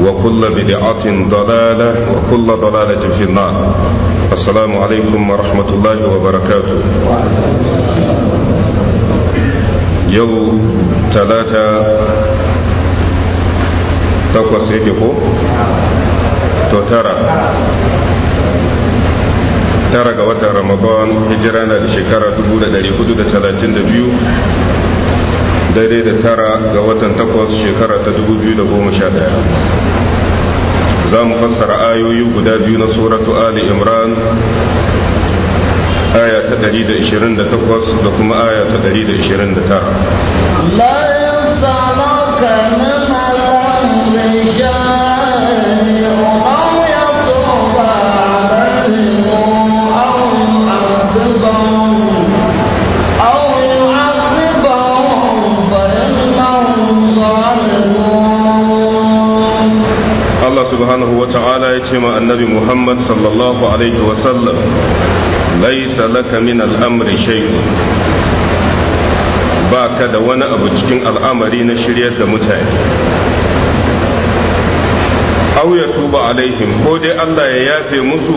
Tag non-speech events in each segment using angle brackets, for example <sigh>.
وكل بدعة ضلالة وكل ضلالة في النار السلام عليكم ورحمة الله وبركاته يوم ثلاثة تقوى سيدكو تترى tara ga watan ramadan hijira na da shekara 432 daidai da tara ga watan takwas shekara ta 2011 za mu fassara ayoyi guda biyu na suratu ali imran aya ta 128 da kuma aya ta 129 la yasalaka min al شافم النبي محمد صلى الله عليه وسلم ليس لك من الأمر شيء da wani abu cikin al'amari na shiryar da mutane au ya tuba alaihim ko dai Allah ya yafe musu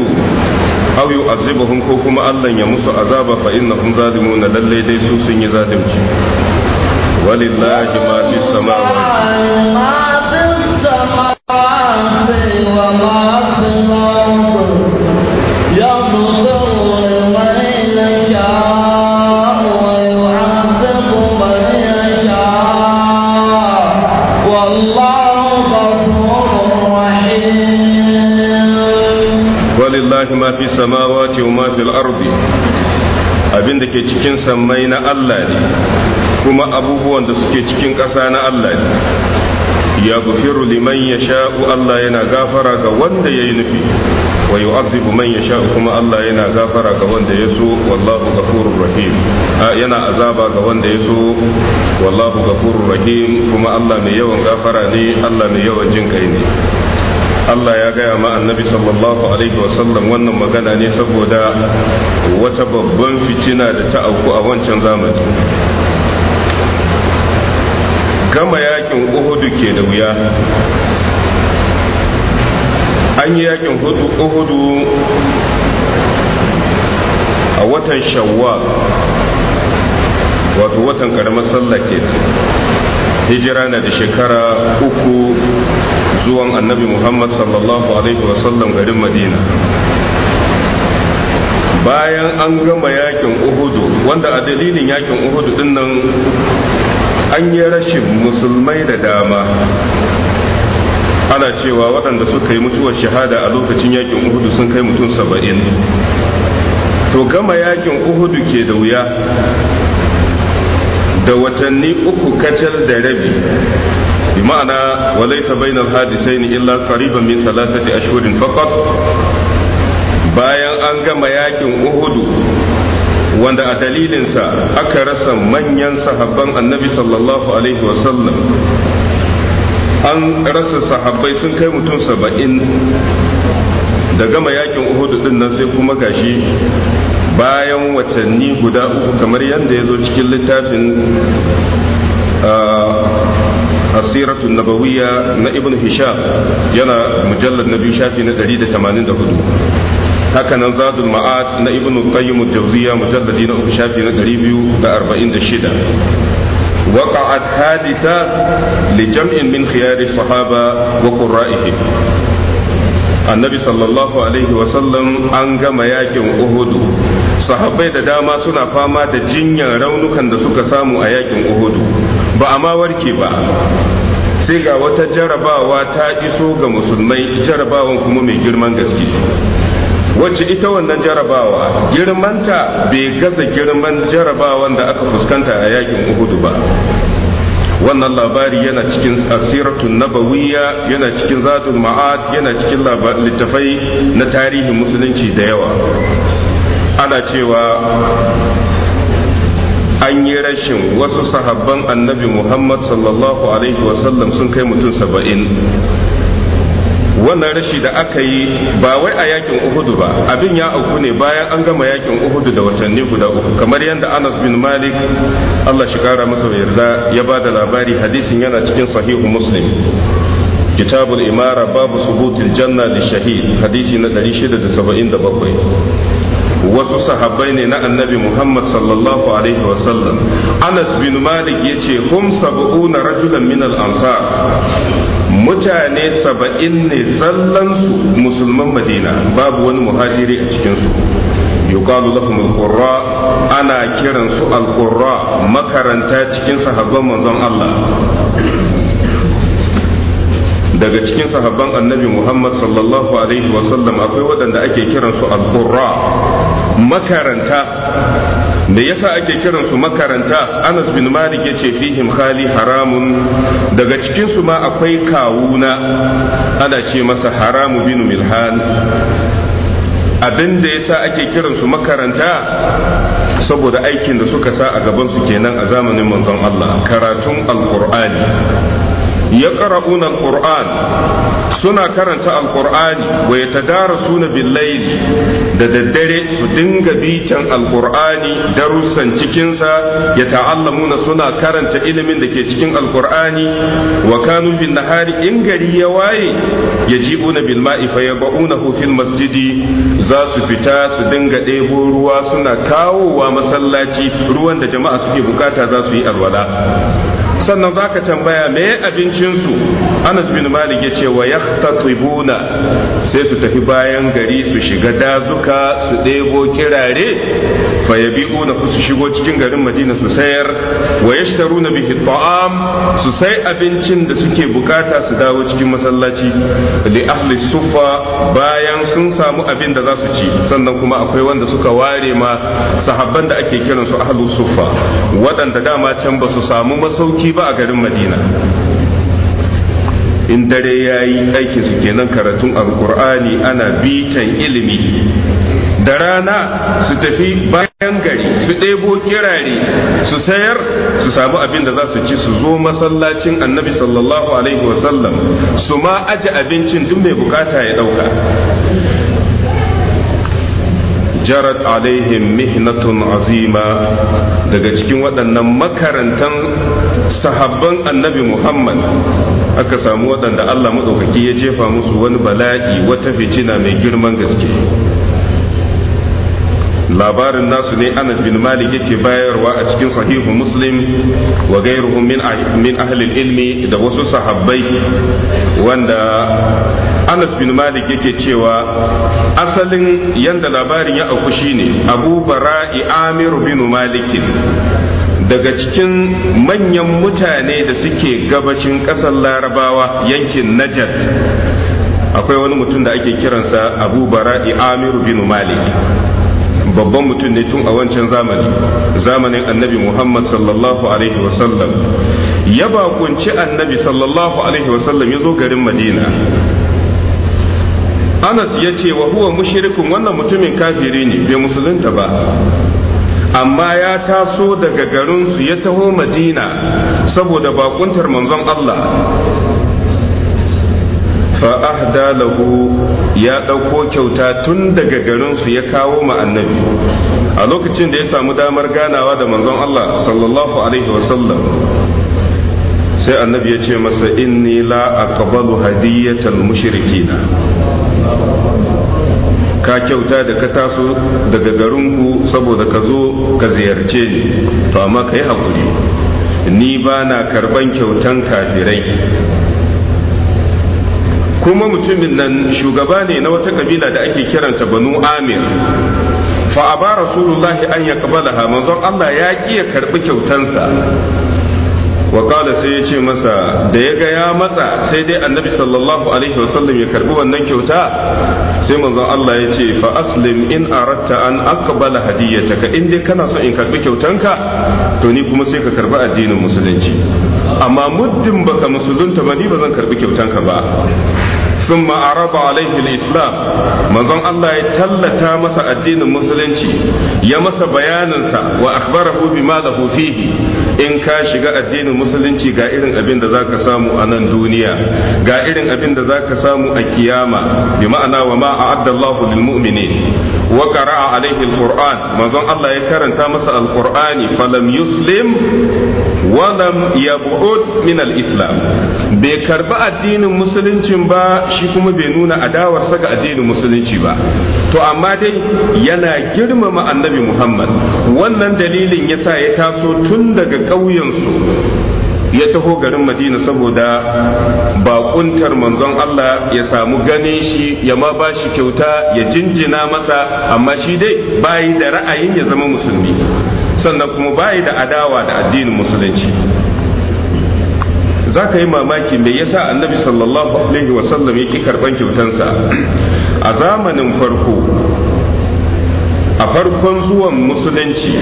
au yu'azibuhum ko kuma Allah ya musu azaba fa zalimu na lallai dai su sun yi zalunci walillahi ma ma wa ma samawati wa ma fil ardi abin da ke cikin sammai na Allah ne kuma abubuwan da suke cikin ƙasa na Allah ne ya gufiru liman ya sha'u Allah yana gafara ga wanda ya yi nufi wa yu'azzibu man ya sha'u kuma Allah yana gafara ga wanda ya so wallahu ghafurur rahim yana azaba ga wanda ya so wallahu ghafurur rahim kuma Allah mai yawan gafara ne Allah mai yawan jin kai ne Allah ya gaya ma annabi sallallahu alaihi wa sallam wannan magana ne saboda wata babban fitina da ta auku a wancan zamani gama yakin uhudu ke da wuya an yi yakin uhudu a watan shawwal wato watan karamar sallah ke hijira na da shekara uku zuwan annabi muhammad sallallahu alaihi wasallam garin madina bayan an gama yakin uhudu wanda a dalilin yakin uhudu din an yi rashin musulmai da dama ana cewa waɗanda suka yi mutuwar shahada a lokacin yakin uhudu sun kai mutum saba'in to gama yakin uhudu ke da wuya da watanni uku kacal da rabi bi ma'ana walaisa bainal ni illa qariban min salasati ashhurin faqat bayan an gama yakin uhudu wanda a dalilinsa aka rasa manyan sahabban annabi sallallahu alaihi wasallam an rasa sahabbai sun kai mutum saba'in da gama yakin uhudu din nan sai kuma gashi bayan watanni guda uku kamar yadda ya zo cikin littafin asiratun nabawiyya na ibn hisham yana mujallar na biyu shafi na 184 haka nan zadul ma'ad na ibn qayyim al-jawziya mujalladi na uku shafi na 246 وقعت حادثة min من خيار الصحابة وقرائهم annabi sallallahu alaihi sallam an gama yakin uhudu sahabbai da dama suna fama da jinyar raunukan da suka samu a yakin uhudu ba a ma warke ba sai ga wata jarabawa ta iso ga musulmai jarabawan kuma mai girman gaske wacce ita wannan jarabawa girmanta bai gaza girman jarabawan da aka fuskanta a yakin uhudu ba wannan labari yana cikin asiratun nabawiyya yana cikin zadul ma'ad yana cikin littafai na tarihin musulunci da yawa ana cewa an yi rashin wasu sahabban annabi muhammad sallallahu alaihi wasallam sun kai mutum saba'in wannan rashi da aka yi ba wai a yakin uhudu ba abin ya auku ne bayan an gama yakin uhudu da watanni guda uku kamar yadda anas bin malik allah shi kara masa yarda ya ba da labari hadisin yana cikin sahihu muslim كتاب الإمارة باب ثبوت الجنة للشهيد حديث ندري شدة سبعين دبقوي wasu sahabbai ne na annabi Muhammad sallallahu alaihi wasallam Anas bin Malik ya ce hum sab'una rajulan min al mutane saba'in ne tsallansu musulman madina babu wani muhajiri a cikinsu yuqalu lahum alqurra ana kiransu alqurra makaranta cikin sahabban manzon Allah daga cikin sahabban annabi Muhammad sallallahu alaihi wasallam akwai waɗanda ake kiransu alqurra makaranta da yasa ake kiran su makaranta Anas bin Malik yace fihim khali haramun daga cikin su ma akwai kawuna ana ce masa haramu bin milhan abin da yasa ake kiran su makaranta saboda aikin da suka sa a gaban gabansu kenan a zamanin manzon Allah karatun alkur'ani ya yaqra'una alquran suna karanta alqur'ani wa suna billayl da daddare su dinga bitan alqur'ani darussan cikin sa ta'allamuna suna karanta ilimin da ke cikin alqur'ani wa kanu bin nahari in gari ya waye ya una bil ma'i fayabaunahu fil masjidi za su fita su dinga ɗebo ruwa suna kawowa masallaci ruwan da jama'a suke bukata za su yi alwala sannan za ka tambaya me abincinsu anas bin malik ya ce wa ya sai su tafi bayan gari su shiga dazuka su ɗebo kirare fa ya bi'una su shigo cikin garin madina su sayar wa ya shitaru na bihi ta'am su sai abincin da suke bukata su dawo cikin masallaci li ahli sufa bayan sun samu abin da za su ci sannan kuma akwai wanda suka ware ma sahabban da ake kiransu ahli sufa waɗanda dama can ba su samu masauki ba a garin madina in dare ya yi aikin su kenan karatun alkur'ani ana bitan ilimi da rana su tafi bayan gari su ɗebo kirare su sayar su samu abin da za su ci su zo masallacin annabi sallallahu alaihi wasallam su ma aji abincin duk mai bukata ya ɗauka jarat alaihim mihnatun azima daga cikin waɗannan makarantan sahabban annabi muhammad aka samu waɗanda allah maɗaukaki ya jefa musu wani bala'i wata fitina mai girman gaske labarin nasu ne anas bin malik yake bayarwa a cikin sahihu muslim wa gairuhum min ah, ahlil ilmi da wasu sahabbai wanda anas bin malik yake cewa asalin yanda labarin ya auku shine abu bara'i amir bin malikin daga cikin manyan mutane da suke gabashin ƙasar larabawa yankin najat akwai wani mutum da ake kiransa abu bara'i amiru bin malik babban mutum ne tun a wancan zamani zamanin annabi muhammad sallallahu alaihi wasallam ya bakunci annabi sallallahu alaihi wasallam ya zo garin madina anas ya ce wa huwa mushirikun wannan mutumin kafiri ne bai musulunta ba amma ya taso daga garinsu ya taho madina saboda bakuntar manzon Allah fa'ahda lahu ya ɗauko kyauta tun daga garinsu ya kawo ma annabi a lokacin da ya samu damar ganawa da manzon Allah sallallahu alaihi wasallam sai annabi ya ce masa inni la aqbalu hadiyatal mushrikina ka kyauta da ka taso daga garinku saboda ka zo ka ziyarce ni to amma ka yi haƙuri ni ba na karban kyautan kafirai kuma mutumin nan shugaba ne na wata kabila da ake kiranta banu amir fa aba rasulullahi an ya kabala manzon Allah ya ƙi ya karɓi kyautansa wa sai yace masa da ya ga ya matsa sai dai annabi sallallahu alaihi wasallam ya karbi wannan kyauta sai manzon Allah ya ce fa aslim in aratta an aqbala hadiyataka in dai kana so in karbi kyautanka to ni kuma sai ka karbi addinin musulunci amma muddin baka musulunta ba ni ba zan karbi ka ba sun ma'araba alaihi islam manzon Allah ya tallata masa addinin musulunci ya masa bayaninsa wa akhbarahu bima lahu fihi in ka shiga addinin musulunci ga irin abin da zaka samu a nan duniya ga irin abin da zaka samu a kiyama bi ma'ana wa ma a'adda Allahu lil mu'minin wa qara'a alaihi alquran manzon Allah ya karanta masa alqurani falam yuslim wa lam yab'ud min alislam bai karba addinin musuluncin ba shi kuma bai nuna adawarsa ga addinin musulunci ba to amma dai yana girmama annabi muhammad wannan dalilin ya sa ya taso tun daga ƙauyensu ya taho garin madina saboda bakuntar manzon Allah ya samu ganin shi ya ma ba shi kyauta ya jinjina masa amma shi dai bayi da ra'ayin ya zama musulmi sannan kuma bayi da adawa da addinin musulunci za ka yi mamaki me yasa annabi sallallahu alaihi wasallam yake karban kyautansa a zamanin farko a farkon zuwan musulunci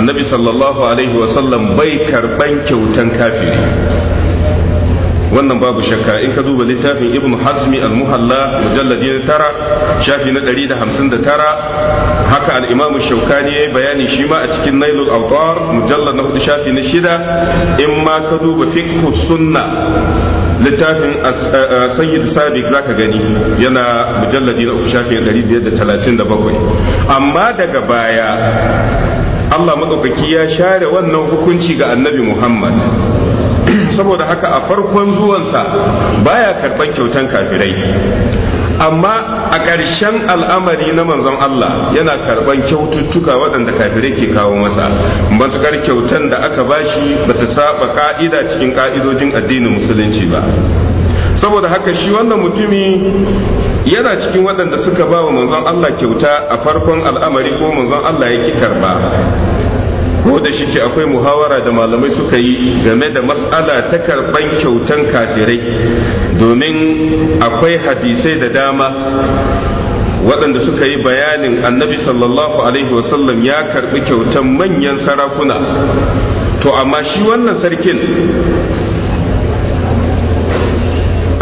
annabi sallallahu alaihi wasallam bai karban kyautan kafiri wannan babu shakka in ka duba littafin ibn hasmi al-muhalla mujalladi tara shafi na 159 haka al-imamu shaukani yayi bayani shi ma a cikin nailul awtar mujallad na hudu shafi na shida in ma ka duba fiqh sunna littafin eh, eh, sayyid sabiq zaka gani yana mujalladi na uku shafi na 537 amma daga baya Allah maɗaukaki ya share wannan hukunci ga annabi Muhammad <clears throat> saboda haka a farkon zuwansa baya karɓar kyautan kafirai amma a ƙarshen al'amari na manzon Allah yana karɓar kyaututtuka waɗanda kafirai ke kawo masa matuƙar kyautan da aka bashi ba ta saba ƙa'ida cikin ƙa'idojin addinin musulunci ba saboda haka shi wannan mutumi yana cikin waɗanda suka ba wa manzon Allah kyauta a farkon al'amari ko manzon Allah ya ki karba ko da akwai muhawara da malamai suka yi game da matsala ta karban kyautan kafirai domin akwai hadisai da dama waɗanda suka yi bayanin annabi sallallahu alaihi wasallam ya karbi kyautan manyan sarakuna to amma shi wannan sarkin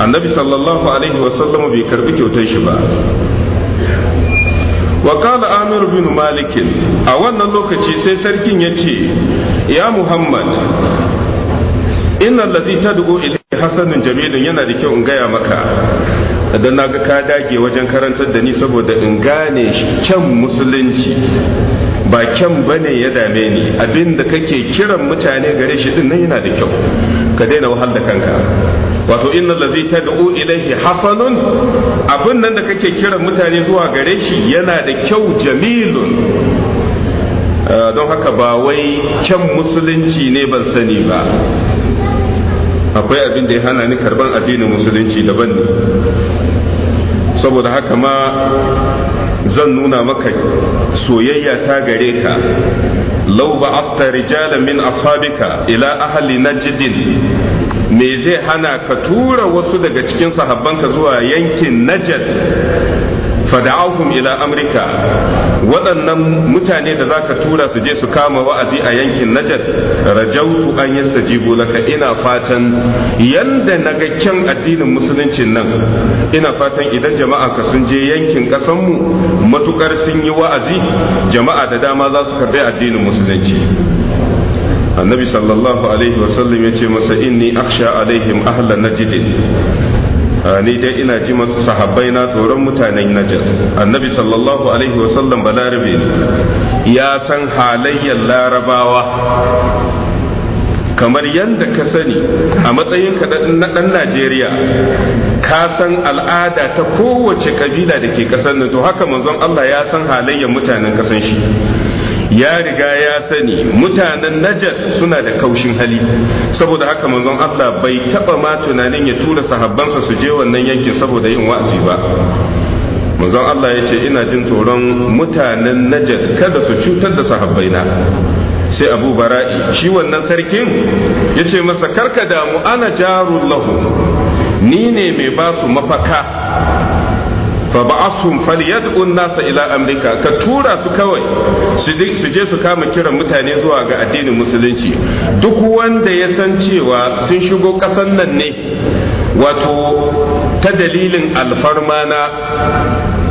annabi sallallahu alaihi wasallam bai karɓi kyautan shi ba wa qala amir bin malik a wannan lokaci sai sarkin ya ce ya muhammad inna allazi tad'u ilayhi hasanun jamilun yana da kyau in gaya maka don na ga ka dage wajen karantar da ni saboda in gane kyan musulunci ba kyan bane ya dame ni abin da kake kiran mutane gare shi din nan yana da kyau ka daina wahal da kanka wato inna lazi tad'u ilaihi hasanun abin nan da kake kiran mutane zuwa gare shi yana da kyau jamilun ah, don haka ba wai kyan musulunci ne ban sani ba akwai abin da ya hana ni karban addinin musulunci daban ne saboda haka ma zan nuna maka soyayya ta gare ka lau ba asta rijalan min ashabika ila ahli najdin me zai hana ka tura wasu daga cikin sahabbanka zuwa yankin najad fada'ahum ila amurka waɗannan mutane da zaka tura su je su kama wa'azi a yankin najad rajautu an yastajibu laka ina fatan yanda naga kyan addinin musuluncin nan ina fatan idan jama'a ka sun je yankin ƙasanmu, mu matukar sun yi wa'azi jama'a da dama za su karbi addinin musulunci annabi sallallahu alaihi wasallam ya ce masa inni akhsha alaihim ahla najdin Ah, ni dai ina ji masu sahabbai na tsoron mutanen najar annabi sallallahu alaihi wasallam balarabe ya san halayyar larabawa kamar yadda ka sani a matsayin ka na ɗan najeriya ka san al'ada ta kowace kabila da ke ƙasar nan to haka manzon allah ya san halayyar mutanen ƙasar shi ya riga ya sani mutanen najas suna da kaushin hali saboda haka manzon Allah bai taba ma tunanin ya tura sahabbansa su je wannan yankin saboda yin wa'azi ba manzon Allah ya ce ina jin tsoron mutanen najas kada su cutar da sahabbaina sai abu bara'i shi wannan sarkin ya ce masa karka damu ana jarullahu ni ne mai ba su mafaka fa ba'athum falyad'u an-nasa ila amrika ka tura su kawai su je su kama kiran mutane zuwa ga addinin musulunci duk wanda ya san cewa sun shigo kasan nan ne wato ta dalilin alfarma na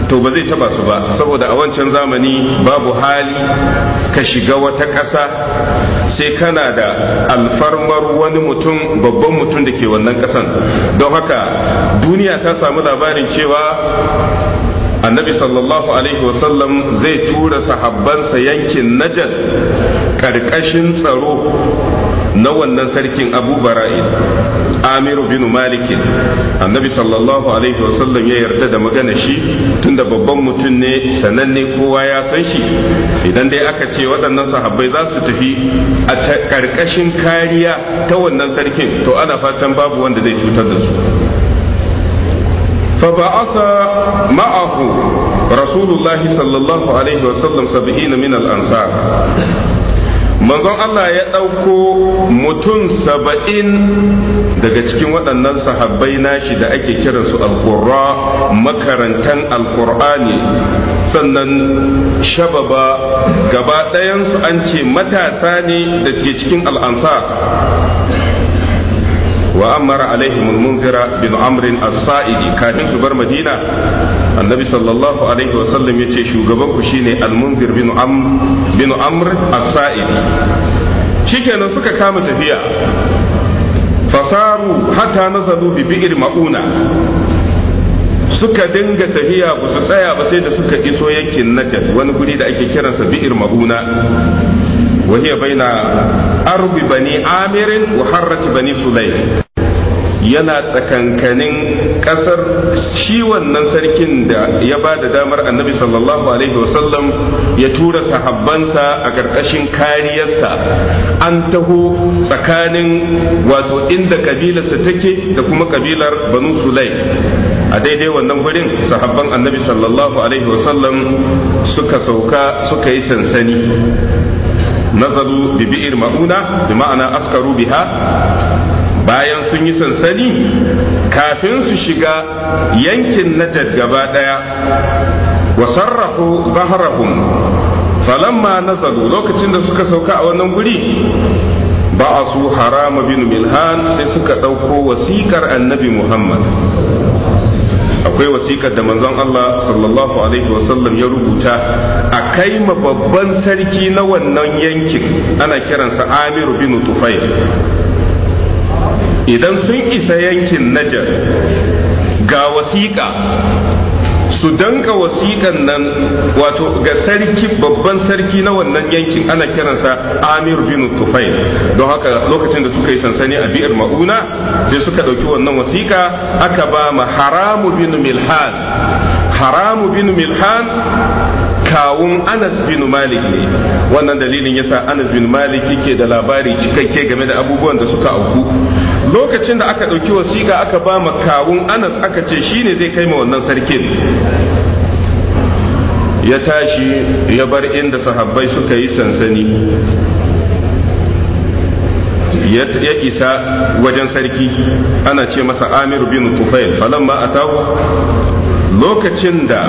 to ba zai taba su ba saboda a wancan zamani babu hali ka shiga wata ƙasa sai kana da alfarmar wani mutum babban mutum da ke wannan ƙasan don haka duniya ta samu labarin cewa annabi sallallahu alaihi wasallam zai tura sahabbansa yankin najar ƙarƙashin tsaro na wannan sarkin abu bara'in amiru bin malikin annabi sallallahu alaihi wasallam ya yarda da magana shi tunda babban mutum ne sananne kowa ya san shi idan dai aka ce waɗannan sahabbai za su tafi a ƙarƙashin kariya ta wannan sarkin to ana fatan babu wanda zai cutar da su فبعث معه رسول الله صلى الله عليه وسلم سبعين من الأنصار manzon Allah ya ɗauko mutum saba'in daga cikin waɗannan sahabbai nashi da ake su alƙurra makarantan alƙur'ani sannan shababa gaba ɗayansu an ce matasa ne da ke cikin al'ansa wa'amara amara alaihim munzira bin amrin as-sa'idi kafin su bar madina annabi sallallahu alaihi wasallam yace shugaban ku shine al-munzir bin amr bin amr as suka kama tafiya fasaru hata nazalu bi bi'r mauna suka dinga tafiya ba su tsaya ba sai da suka iso yankin najad wani guri da ake kiransa bi'ir mauna وهي بين أرب بني عامر وحرة بني sulai. yana tsakankanin ƙasar shi wannan sarkin da ya ba da damar annabi sallallahu alaihi wasallam ya tura sahabbansa a ƙarƙashin kariyarsa an taho tsakanin wato inda kabilarsa take da kuma kabilar banu sulai a daidai wannan wurin, sahabban annabi sallallahu alaihi wasallam suka sauka suka yi sansani nazaru bi ma'una bi ma'ana askaru biha bayan sun yi sansani kafin su shiga yankin najad gaba daya wa sarrafu zaharahum falamma nazalu lokacin da suka sauka a wannan guri ba a su harama bin milhan sai suka ɗauko wasiƙar annabi muhammad akwai wasikar da manzon Allah sallallahu alaihi wasallam ya rubuta a kai ma babban sarki na wannan yankin ana kiransa amiru bin tufayl idan sun isa yankin najar ga wasiƙa su danka wasiƙan nan wato ga sarki babban sarki na wannan yankin ana kiransa amir bin tufai. don haka lokacin da suka yi sansani a biyar ma'una sai suka ɗauki wannan wasiƙa aka ba ma haramu bin milhan haramu bin milhan kawun anas bin malik ne wannan dalilin yasa anas bin malik yake da labari cikakke game da abubuwan da suka auku lokacin da aka ɗauki wasiƙa aka ba ma kawun anas aka ce shine zai kai ma wannan sarkin ya tashi ya bar inda sahabbai suka yi sansani ya isa wajen sarki ana ce masa amir bin tufail falamma atahu lokacin da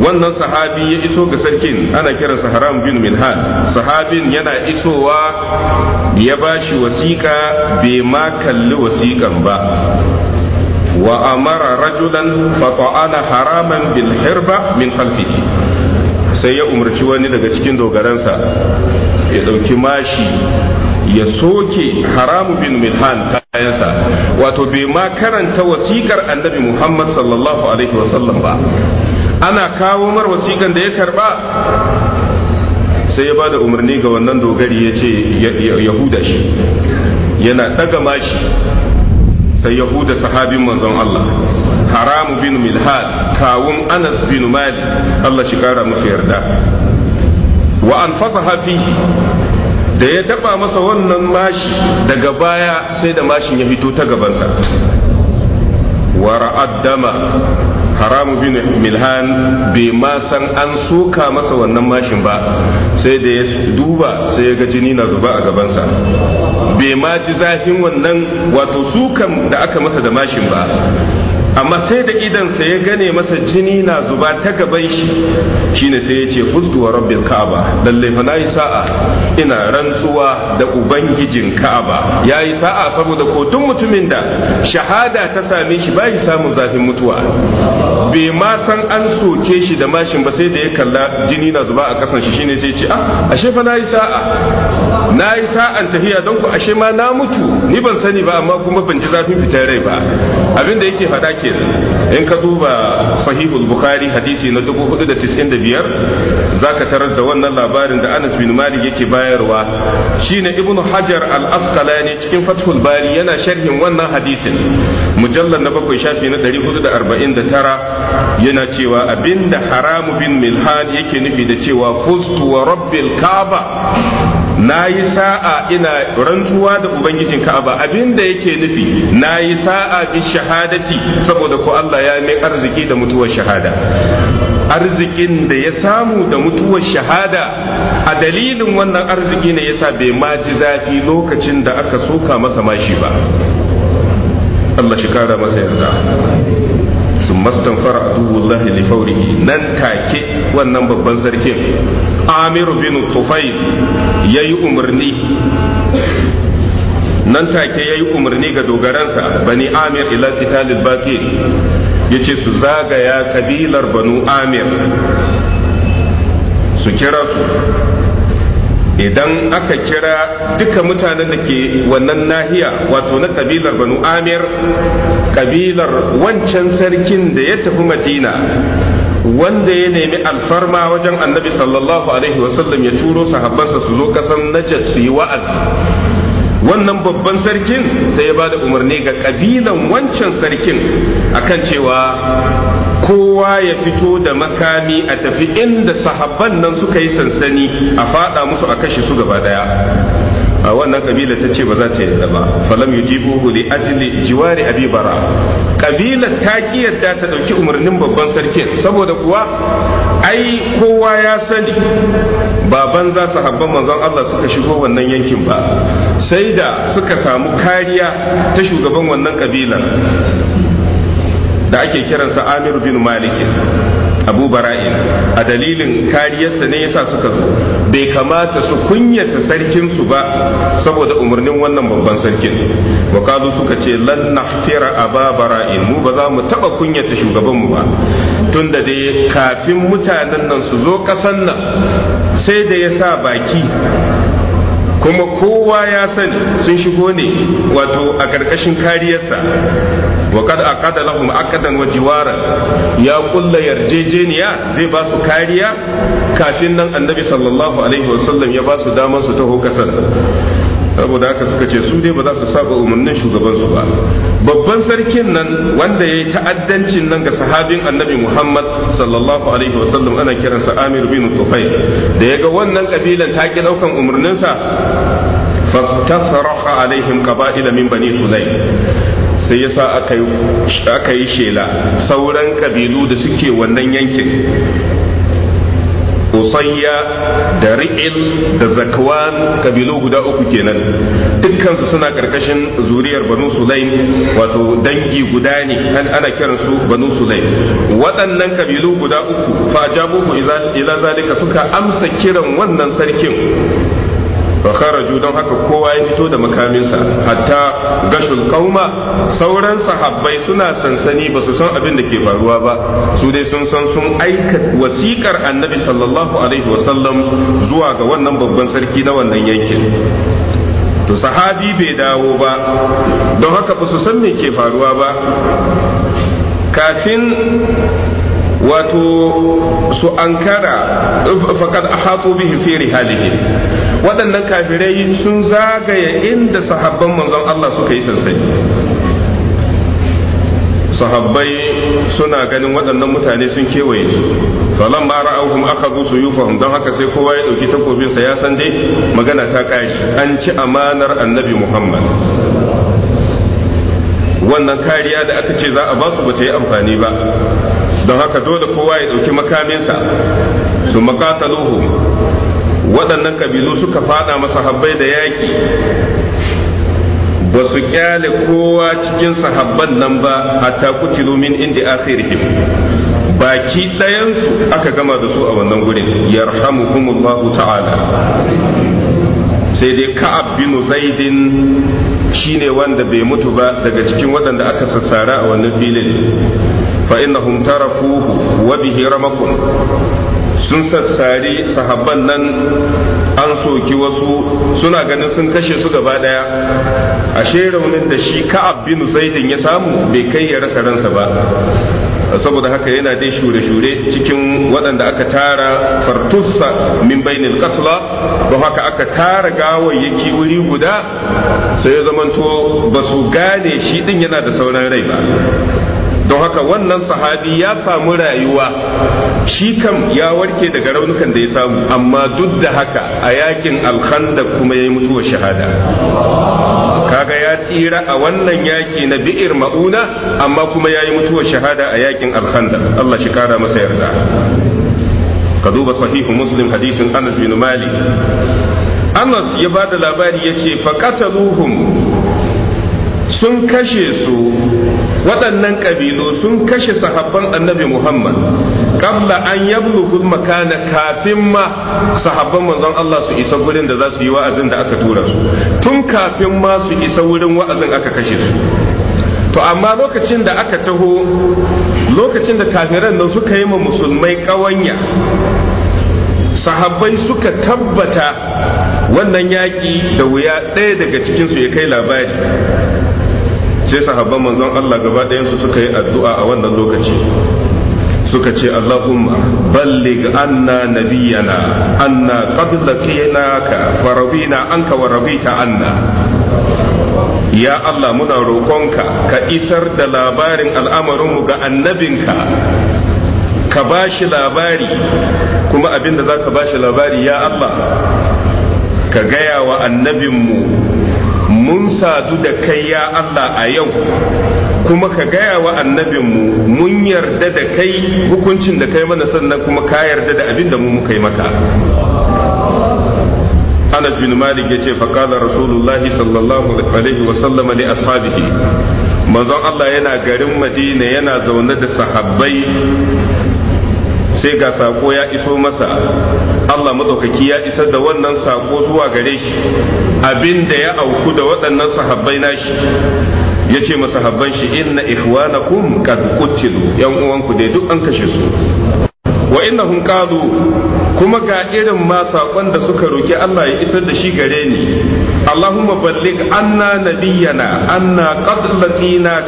wannan sahabi ya iso ga sarkin ana kiransa haram bin Minhan sahabin yana isowa ya bashi wasiƙa bai ma kalli wasiƙan ba wa amara rajulan fata'ana haraman bil hirba min sai ya umarci wani daga cikin dogaransa ya ɗauki mashi ya soke haramu bin milhan kayansa wato bai ma karanta wasiƙar annabi muhammad sallallahu alaihi wasallam ba ana kawo mar wasiƙan da ya karba sai ya bada umarni ga wannan dogari ya ce ya huda shi yana daga mashi sai ya sahabin manzon Allah haramu bin milhad kawun anas bin mali Allah shi kara masa yarda wa an fasaha fihi da ya taba masa wannan mashi daga baya sai da mashin ya fito ta gabansa wa ra'ad dama haramu bin milhan bai ma san an soka masa wannan mashin ba sai da ya duba sai ya ga jini na zuba a gabansa bai ma ji zafin wannan wato sukan da aka masa da mashin ba amma sai da idansa ya gane masa jini na zuba ta gaban shi shine sai ya ce rabbil ka'aba "Lallai fa na yi sa'a ina rantsuwa da ubangijin ka'aba ya yi sa'a saboda ko duk mutumin da shahada ta same shi bai samu zafin mutuwa bai ma san an soke shi da mashin ba sai da ya kalla jini na zuba a kasan shi shine sai ce ah ashe fa nayi sa'a nayi sa'an tafiya don ku ashe ma na mutu ni ban sani ba amma kuma ban ji zafin fitar rai ba abin da yake fada kenan in ka duba sahihul bukhari hadisi na 495 zaka tarar da wannan labarin da Anas bin Malik yake bayar bayarwa shine ibnu hajar al-asqalani cikin fathul bari yana sharhin wannan hadisin mujallar na bakwai shafi na 449 yana cewa abinda haramu bin milhan yake nufi da cewa fustu wa rabbil kaaba na yi sa'a ina rantsuwa da ubangijin ka'aba abinda yake nufi na yi sa'a bi shahadati saboda ko Allah ya mai arziki da mutuwar shahada arzikin da ya samu da mutuwar shahada a dalilin wannan arziki ne yasa bai ma ji zafi lokacin da aka soka masa mashi ba Allah shi kara masa yarda sun mastanfara adubullahi li faurihi nan take wannan babban sarkin amiru bin tufai ya yi umarni nan take ya yi umarni ga dogaransa bani amir ila qitalil baqi yace su zagaya kabilar banu amir su kira su idan aka kira duka mutanen da ke wannan nahiya wato na kabilar banu amir kabilar wancan sarkin da ya tafi madina wanda ya nemi alfarma wajen annabi sallallahu alaihi wasallam ya turo sahabbansa su zo kasan najat su yi wa'azi wannan babban sarkin sai ya bada umarni ga ƙabilan wancan sarkin akan cewa kowa ya fito da makami a tafi inda sahabban nan suka yi sansani a fada musu a kashe su gaba daya a wannan kabila ta ce ba za ta yadda ba falam yujibuhu li ajli jiwari abi bara kabila ta ki yadda ta dauki umarnin babban sarkin saboda kuwa ai kowa ya sani baban za su habban manzon Allah suka shigo wannan yankin ba sai da suka samu kariya ta shugaban wannan kabilan da ake kiransa Amir bin Malik abu bara'in a dalilin kariyarsa ne yasa suka zo bai kamata su kunyata sarkinsu ba saboda umarnin wannan babban sarkin wakazu suka ce lan nahfira aba bara'in mu ba za mu taba kunyata shugabanmu ba tunda dai kafin mutanen nan su zo kasan nan sai da ya sa baki kuma kowa ya sani sun shigo ne wato a ƙarƙashin kariyarsa wa kad aqada lahum aqdan ya kulla yarjejeniya zai basu kariya kafin nan annabi sallallahu alaihi wasallam ya basu damar su taho kasar saboda haka suka ce su dai ba za su saba umarnin shugabansu ba babban sarkin nan wanda ya yi ta'addancin nan ga sahabin annabi muhammad sallallahu alaihi wasallam ana kiransa amir bin tufai da ya ga wannan kabilan ta ki daukan umarninsa fastasraha alaihim qaba'ila min bani sulaim sai ya sa aka yi shela sauran kabilu da suke wannan yankin usayya da ri'il da zakwan kabilu guda uku kenan dukkansu suna karkashin zuriyar banu sulaim wato dangi guda ne ana kiransu banu sulaim waɗannan kabilu guda uku fa jabuhu ila zalika suka amsa kiran wannan sarkin fa don haka kowa ya fito da makaminsa hatta gashin kauma sauran sahabbai suna sansani ba su san abin da ke faruwa ba su dai sun san sun aika wasikar annabi sallallahu alaihi wasallam zuwa ga wannan babban sarki na wannan yankin to sahabi bai dawo ba don haka ba su san me ke faruwa ba kafin wato su ankara faqad ahatu bihim fi rihalihi waɗannan kafirai sun zagaya inda sahabban manzon Allah suka yi sansai sahabbai suna ganin waɗannan mutane sun kewaye su falan aka ra'awhum akhadhu suyufahum don haka sai kowa ya ɗauki takobin sa ya san dai magana ta ƙashi. an ci amanar annabi Muhammad wannan kariya da aka ce za a ba su bata yi amfani ba don haka dole kowa ya ɗauki makaminsa su makasaluhu waɗannan kabilu suka fada masa habbai da yaki ba su kyale kowa cikin sahabban nan ba hatta kutilu min indi akhirihim baki ɗayansu aka gama da su a wannan gurin yarhamuhumullahu ta'ala sai dai ka'ab bin zaidin shine wanda bai mutu ba daga cikin waɗanda aka sassara a wannan filin fa innahum tarakuhu wa bihi ramakun sun sassari sahabban nan an soki wasu suna ganin sun kashe su gaba daya ashe raunin da shi ka'ab bin zaidin ya samu bai kai ya rasa ransa ba saboda haka yana dai shure-shure cikin waɗanda aka tara fartussa min bainil qatla don haka aka tara gawayyaki wuri guda sai ya zamanto ba su gane shi din yana da sauran rai ba don haka wannan sahabi ya samu rayuwa shi kam ya warke daga raunukan da ya samu amma duk da haka a yakin alkhanda kuma ya yi mutuwar shahada kaga ya tsira a wannan yaki na bi'ir ma'una amma kuma ya yi mutuwar shahada a yakin alkhanda Allah shi kara masa yarda ka duba sahihu muslim hadisin anas bin malik anas ya ba da labari ya ce sun kashe su waɗannan ƙabilu sun kashe sahabban annabi Muhammad kabla an yablugu makana kafin ma sahabban manzon Allah su isa gurin da za su yi wa'azin da aka tura su tun kafin ma su isa wurin wa'azin aka kashe su to amma lokacin da aka taho lokacin da kafiran nan suka yi ma musulmai ƙawanya sahabbai suka tabbata wannan yaƙi da wuya ɗaya daga cikinsu ya kai labari sai sahabban manzon Allah gaba ɗayan su suka yi addu'a a wannan lokaci suka ce Allahumma ballig anna nabiyyana anna qad ka. wa rabina anka wa rabita anna ya Allah muna roƙonka ka isar da labarin al'amarinmu ga annabinka ka ba shi labari kuma abinda zaka bashi ba labari ya Allah ka gaya wa annabinmu mun sadu da kai ya Allah a yau kuma ka gaya wa annabinmu mun yarda da kai hukuncin da kai mana sannan kuma ka yarda da abin da mu muka yi maka Anas bin Malik yace fa qala Rasulullahi sallallahu alaihi wa sallam li ashabihi manzon Allah yana garin Madina yana zaune da sahabbai sai ga sako ya iso masa Allah matsaukaki ya isar da wannan sako zuwa gare shi abin ya auku da waɗannan sahabbai nashi ya ce masahabban shi inna ikhwanakum qad qutilu yan uwanku dai duk an kashe su wa innahum qalu kuma ga irin ma saƙon da suka roki Allah ya isar da shi gare ni Allahumma balligh anna nabiyyana anna qad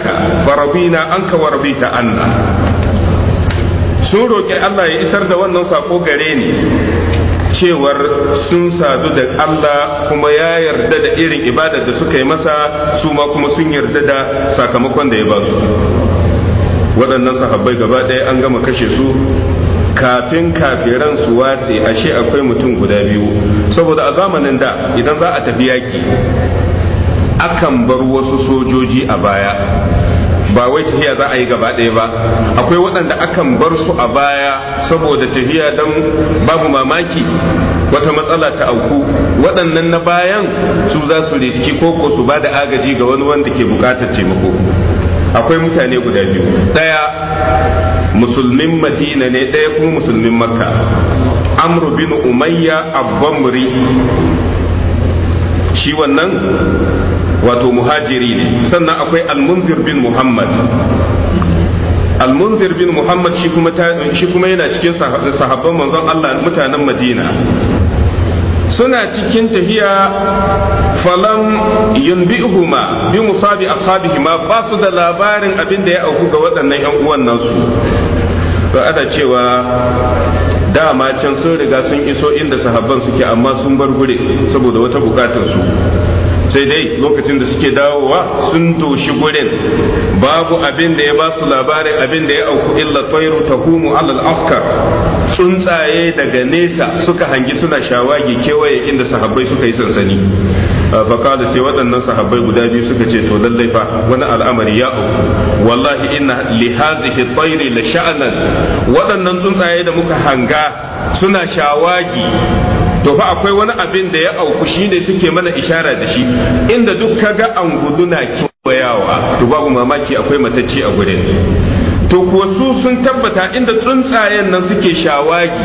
ka farabina anka warbita anna sun roƙi Allah ya isar da wannan sako gare ni cewar sun sadu da Allah kuma ya yarda da irin ibadar da suka yi masa su ma kuma sun yarda da sakamakon da ya ba su waɗannan sahabbai gaba ɗaya an gama kashe su kafin kafiran su watse ashe akwai mutum guda biyu saboda a zamanin da idan za a tafi yaƙi akan bar wasu sojoji a baya ba wai tahiya za a yi gaba ɗaya ba akwai waɗanda akan bar su a baya saboda tahiya don babu mamaki wata matsala ta auku waɗannan na bayan su za su riski koko su ba da agaji ga wani wanda ke buƙatar taimako akwai mutane guda biyu ɗaya musulmin madina ne ɗaya kuma musulmin makka amru bin umayya abbamri shi wannan wato muhajiri ne sannan akwai almunzir bin muhammad almunzir bin muhammad shi kuma shi kuma yana cikin sahabban manzon Allah mutanen madina suna cikin tafiya falam yunbihuma bi musabi ashabihima ba su da labarin abin da ya auku ga waɗannan yan uwan su to ana cewa dama can sun riga sun iso inda sahabban suke amma sun bar gure saboda wata bukatar su sai dai lokacin da suke dawowa sun toshi gurin babu abin da ya ba su labarin abin da ya auku illa tairu kumu alal askar tsuntsaye daga nesa suka hangi suna shawagi kewaye inda sahabbai suka yi sansani fakada sai waɗannan sahabbai guda biyu suka ce to lallai fa wani al'amari ya auku wallahi inna li hazihi tayri la sha'anan waɗannan tsuntsaye da muka hanga suna shawagi to fa akwai wani abin da ya auku shi ne suke mana ishara da shi inda duk kaga angudu na kewayawa to babu mamaki akwai matacci a gurin to kuwa su sun tabbata inda tsuntsayen nan suke shawagi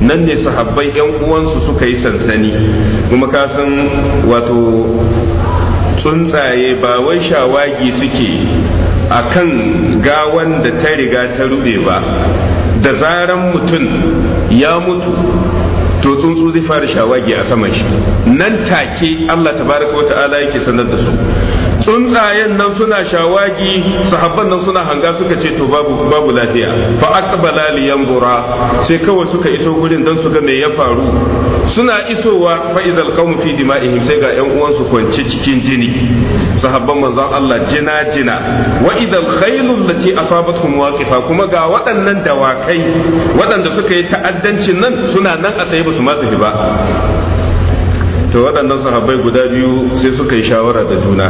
nan ne sahabbai yan uwansu suka yi sansani kuma ka san wato tsuntsaye ba wai shawagi suke a kan gawan da ta riga ta rube ba da zaran mutum ya mutu to tsuntsu zai fara shawagi a saman shi nan take Allah tabaraka wa ta'ala yake sanar da su tsuntsayen nan suna shawagi sahabban nan suna hanga suka ce to babu babu lafiya fa aqbala li yanzura sai kawai suka iso gurin dan su ga me ya faru suna isowa fa idal qawm fi dima'ihim sai ga yan uwansu kwance cikin jini sahabban manzon Allah jina jina wa idal khaylu allati asabatkum waqifa kuma ga waɗannan dawakai waɗanda suka yi ta'addancin nan suna nan a tsaye ba su masu ba to waɗannan sahabbai guda biyu sai suka yi shawara da juna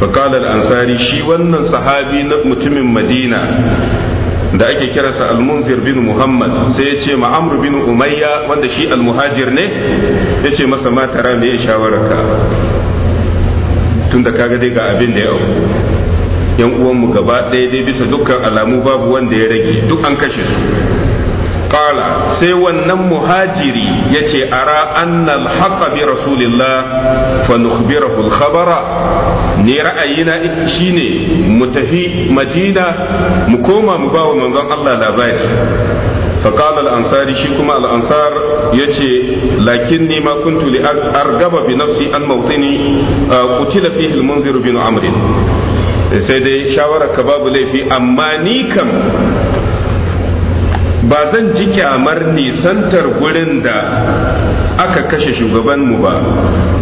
faƙalar ansari shi wannan sahabi na mutumin madina da ake kiransa almunzir bin muhammad sai ya ce ma'amru bin umayya wanda shi almuhajir ne ya ce masa matara me ya shawararka tun da kaga dai ga abin da yau yan uwanmu gaba ɗaya dai bisa dukkan alamu babu wanda ya rage duk an kashe su qala sai wannan muhajiri yace ara annal haqqa bi rasulillah fa nukhbirahu al khabara ni ra'ayina shine mu tafi madina mu koma mu bawa manzon Allah labari فقال الأنصاري شيكما الأنصار يتي لكني ما كنت لأرغب بنفسي عن موطني قتل فيه المنذر بن عمرو sai dai shawarar ka babu laifi amma ni kam ba zan ji kyamar nisantar gurin da aka kashe shugaban mu ba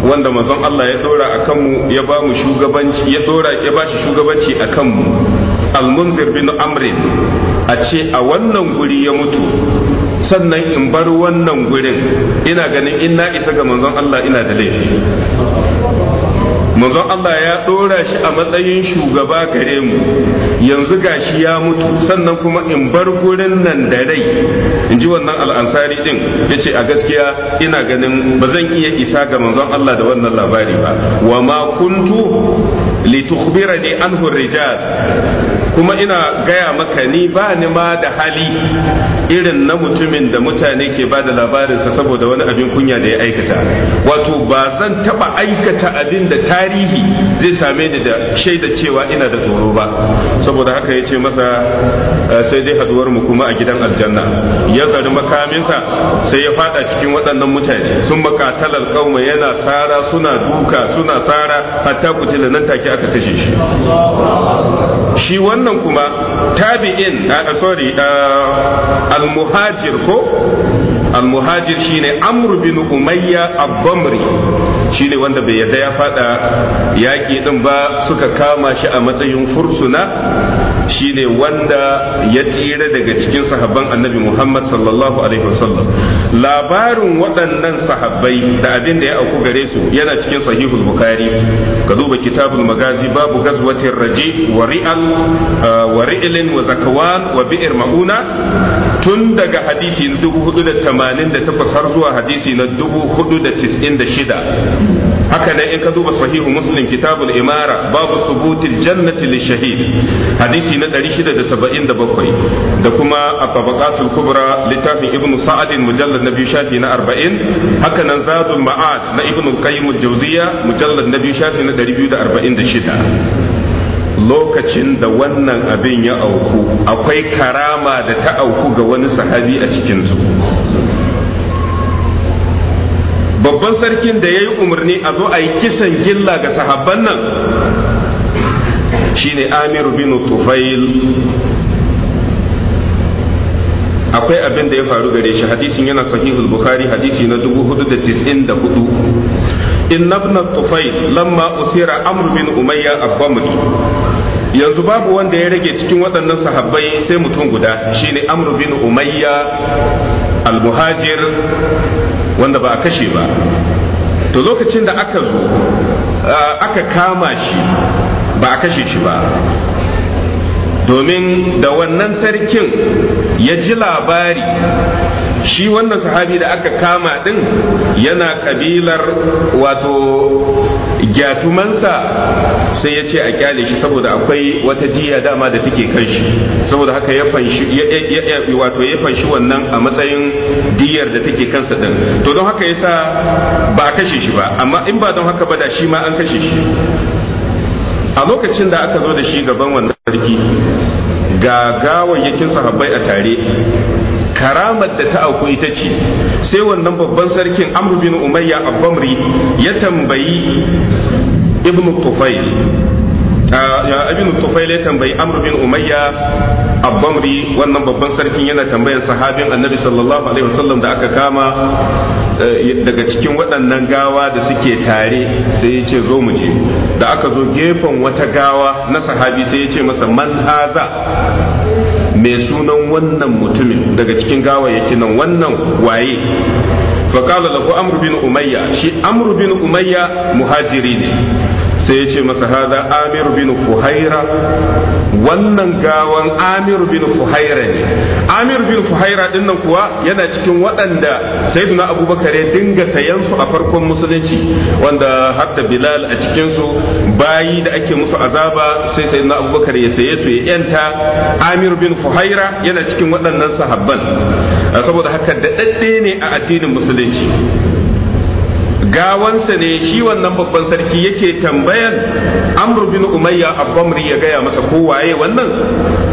wanda manzon Allah ya dora a kanmu ya ba mu shugabanci ya dora ya ba shi shugabanci a kanmu almunzir bin amrin a ce a wannan guri ya mutu sannan in bar wannan gurin ina ganin in na isa ga manzon Allah ina da laifi manzon Allah ya ɗora shi a matsayin shugaba gare mu yanzu gashi ya mutu sannan kuma in bar gurin nan da rai in ji wannan al'ansari din ya ce a gaskiya ina ganin bazan iya isa ga manzon Allah da wannan labari ba wa ma kuntu litukhbirani anhu rijal kuma ina gaya maka ni ba ni ma da hali irin na mutumin da mutane ke ba da labarinsa saboda wani abin kunya da ya aikata wato ba zan taba aikata abin da tarihi zai same ni da shaida cewa ina da tsoro ba saboda haka ya ce masa eh, sai dai haduwar mu kuma a gidan aljanna ya tsari makaminsa sai ya fada cikin waɗannan mutane sun makatalar kauma yana sara suna duka suna sara hatta kutila nan take aka kashe shi shi wannan kuma tabi'in sorry al-muhajir ko al-muhajir shine amru bin umayya abamri shine wanda bai yadda ya fada yaki din ba suka kama shi a matsayin fursuna Shi ne wanda ya tsira daga cikin sahabban annabi Muhammad sallallahu alaihi wasallam labarin waɗannan sahabbai da abin da ya auku gare su yana cikin sahihul bukari. ka duba kitabul magazi babu gazwatin raji wa ri'al uh, wa ri'lin wa zakawan wa bi'ir mauna tun daga hadisi na 488 har zuwa hadisi na 496 haka ne in ka duba sahihu muslim kitabul imara babu subutil jannati lishahid hadisi hadisi na 677 da kuma a tabaqatul kubra littafin ibnu sa'adin mujallad na biyu shafi na 40 haka nan zadul ma'ad na ibnu qayyim al-jawziya mujallad na biyu shafi na 246 lokacin da wannan abin ya auku akwai karama da ta auku ga wani sahabi a cikin su babban sarkin da ya yi umarni a zo a yi kisan gilla ga sahabban nan shine amir bin tufail akwai abin da ya faru gare shi hadisin yana sahihul bukhari hadisi na 494 In ibn tufail lamma usira amr bin umayya abamri yanzu babu wanda ya rage cikin waɗannan sahabbai sai mutum guda shine amr bin umayya al-muhajir wanda ba a kashe ba to lokacin da aka zo ah, aka kama shi ba a kashe shi ba domin da wannan sarkin ya ji labari shi wannan sahabi da aka kama din yana kabilar wato gyatumansa sai ya ce a kyale shi saboda akwai wata jiya dama da take kan shi saboda haka ya fanshi wato ya fanshi wannan a matsayin diyar da take kansa din to don haka yasa ba kashe shi ba amma in ba don haka ba da shi ma an kashe shi a lokacin da aka zo da shi gaban wannan sarki ga gawayyakin sahabbai a tare karamar da ta auku ita ce sai wannan babban sarkin Amurbin bin umayya abbamri ya tambayi ibn tufayl abin ah, tufai ya tambayi amru bin umayya abamri wannan babban sarkin yana tambayan sahabin annabi sallallahu alaihi wasallam da aka kama eh, daga cikin waɗannan gawa da suke tare sai ya ce zo mu je da aka zo gefen wata gawa na sahabi sai ya ce masa man haza mai sunan wannan mutumin daga cikin gawa yake nan wannan waye lahu amru bin umayya shi amru umayya umayya ne. ne sai ya ce masa haza amir bin fuhaira wannan gawan amir bin fuhaira ne amir bin fuhaira din nan kuwa yana cikin waɗanda sayyiduna abubakar ya dinga sayansu a farkon musulunci wanda har da bilal a cikin su bayi da ake musu azaba sai sayyiduna abubakar ya saye su ya yanta amir bin fuhaira yana cikin waɗannan sahabban saboda haka da ne a addinin musulunci gawansa ne shi wannan babban sarki yake tambayan amru bin umayya abamri ya gaya masa ko waye wannan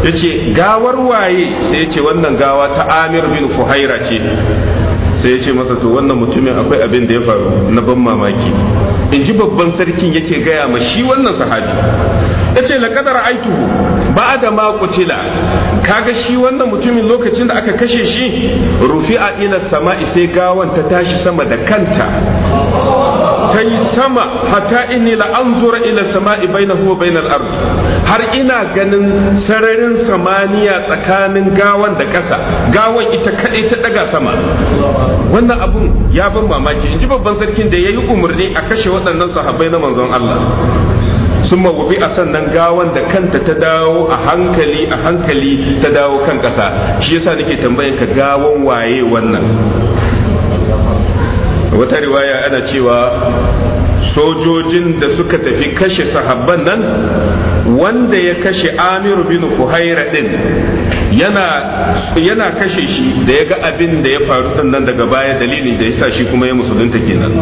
yace gawar waye sai yace wannan gawa ta amir bin fuhaira ce sai yace masa to wannan mutumin akwai abin da ya faru na ban mamaki in ji babban sarkin yake gaya ma shi wannan sahabi Yace la laƙadar aituhu ba'da da ma qutila kaga shi wannan mutumin lokacin da aka kashe shi rufi'a ila sama'i sai gawan ta tashi sama da kanta ta yi sama hatta inni la anzura ila sama'i huwa wa bainal ard har ina ganin sararin samaniya tsakanin gawan da ƙasa gawan ita kadai ta daga sama wannan abun ya bar mamaki in ji babban sarkin da yayi umarni a kashe waɗannan sahabbai na manzon Allah sun mawabi a sannan gawan da kanta ta dawo a hankali a hankali ta dawo kan ƙasa shi yasa nake tambayan ka gawan waye wannan wata riwaya ana cewa sojojin da suka tafi kashe sahabban nan wanda ya kashe amiru bin fuhaira din yana, yana kashe shi da ya ga abin da ya faru nan daga baya dalilin da ya sa shi kuma ya musulunta kenan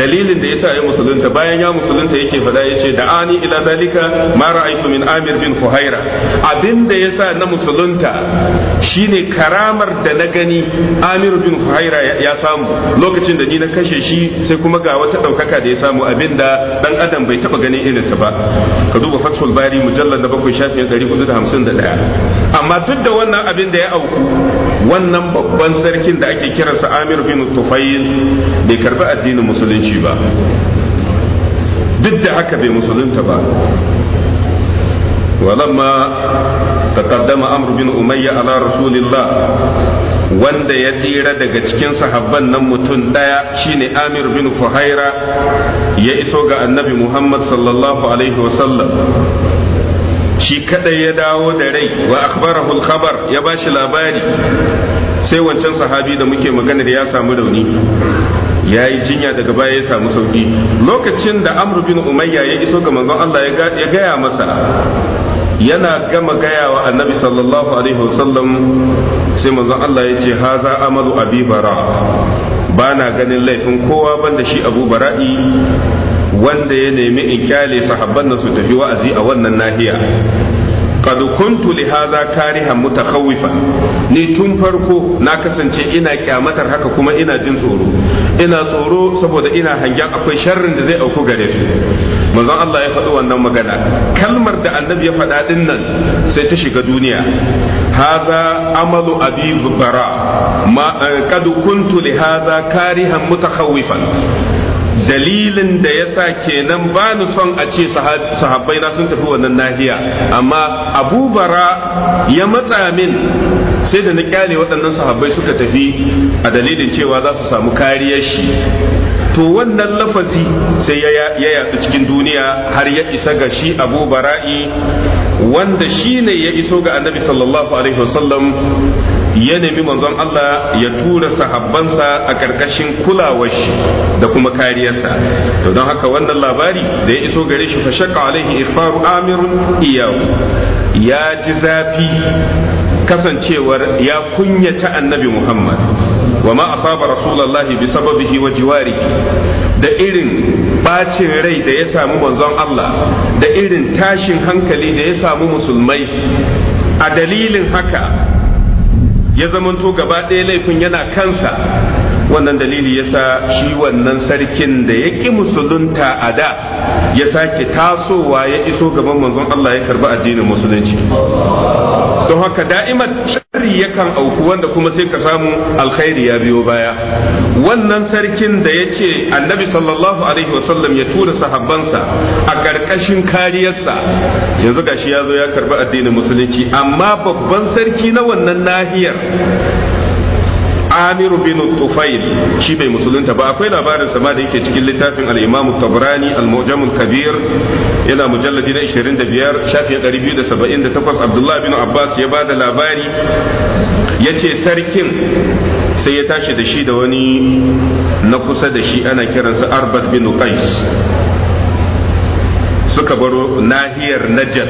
dalilin da yasa ya musulunta bayan ya musulunta yake fada yace ani ila zalika ma ra'aytu min amir bin fuhaira abinda yasa na musulunta shine karamar da na gani amir bin fuhaira ya samu lokacin da ni na kashe shi sai kuma ga wata daukaka da ya samu abinda dan adam bai taba ganin irin ta ba ka duba fathul bari mujallal na 7 shafin 451 amma duk da wannan abin da ya auku wannan babban sarkin da ake kiransa amir bin tufail bai karbi addinin musulunci ba duk da haka bai musulunta ba ولما تقدم أمر بن أمية على رسول الله wanda ya tsira daga cikin sahabban nan mutum daya shine Amir bin Fuhaira ya iso ga annabi Muhammad sallallahu Alaihi wasallam shi kadai ya dawo da rai wa akhbarahu al-khabar ya bashi labari sai wancan sahabi da muke magana da ya samu rauni ya yi jinya daga baya ya samu sauki lokacin da amr bin umayya ya iso ga manzon Allah ya gaya masa yana gama gaya wa annabi sallallahu alaihi wasallam sai manzon Allah ya ce haza amalu abi bara ba ganin laifin kowa banda shi abu bara'i wanda ya nemi in kyale sahabban nan su tafi wa'azi a wannan nahiya qad kuntu li hadha karihan mutakhawifan ni tun farko na kasance ina kyamatar haka kuma ina jin tsoro ina tsoro saboda ina hangen akwai sharrin da zai auku gare su manzon Allah ya faɗi wannan magana kalmar da annabi ya faɗa din nan sai ta shiga duniya hadha amalu abi bara ma eh, qad kuntu li hadha karihan mutakhawifan dalilin da ya sa kenan ba ni son a ce sahabbai na sun tafi wannan nahiya amma abubara ya matsa min sai da na kyale waɗannan sahabbai suka tafi a dalilin cewa za su samu kariyar shi to wannan lafazi sai ya yatsu cikin duniya har ya isa ga shi abubarai wanda shi ne ya iso ga annabi sallallahu alaihi wasallam ya nemi manzon Allah ya tura sahabbansa a ƙarƙashin kulawar shi da kuma kariyarsa to don haka wannan labari da ya iso gare shi fa shakka alaihi irfaru amirun iyahu ya ji zafi kasancewar ya kunyata annabi Muhammad wa ma asaba rasulullahi bi sababihi wa jiwarihi da irin bacin rai da ya samu manzon Allah da irin tashin hankali da ya samu musulmai a dalilin haka ya zamanto gaba ɗaya laifin yana kansa wannan dalili yasa shi wannan sarkin da ya ƙi musulunta a da ya sake tasowa ya iso gaban manzon Allah ya karbi addinin musulunci don haka da'iman shari yakan auku wanda kuma sai ka samu alkhairi ya biyo baya wannan sarkin da ya ce annabi sallallahu alaihi wasallam ya tura sahabbansa a ƙarƙashin kariyarsa yanzu gashi ya zo ya karbi addinin musulunci amma babban sarki na wannan nahiyar amiru bin tufail shi bai musulunta ba akwai labarin sama da yake cikin littafin al-imam tabrani al-mujam al-kabir yana mujalladi na 25 shafi 278 abdullah bin abbas ya bada labari yace sarkin sai ya tashi da shi da wani na kusa da shi ana kiransa arbat bin qais suka baro nahiyar Najjar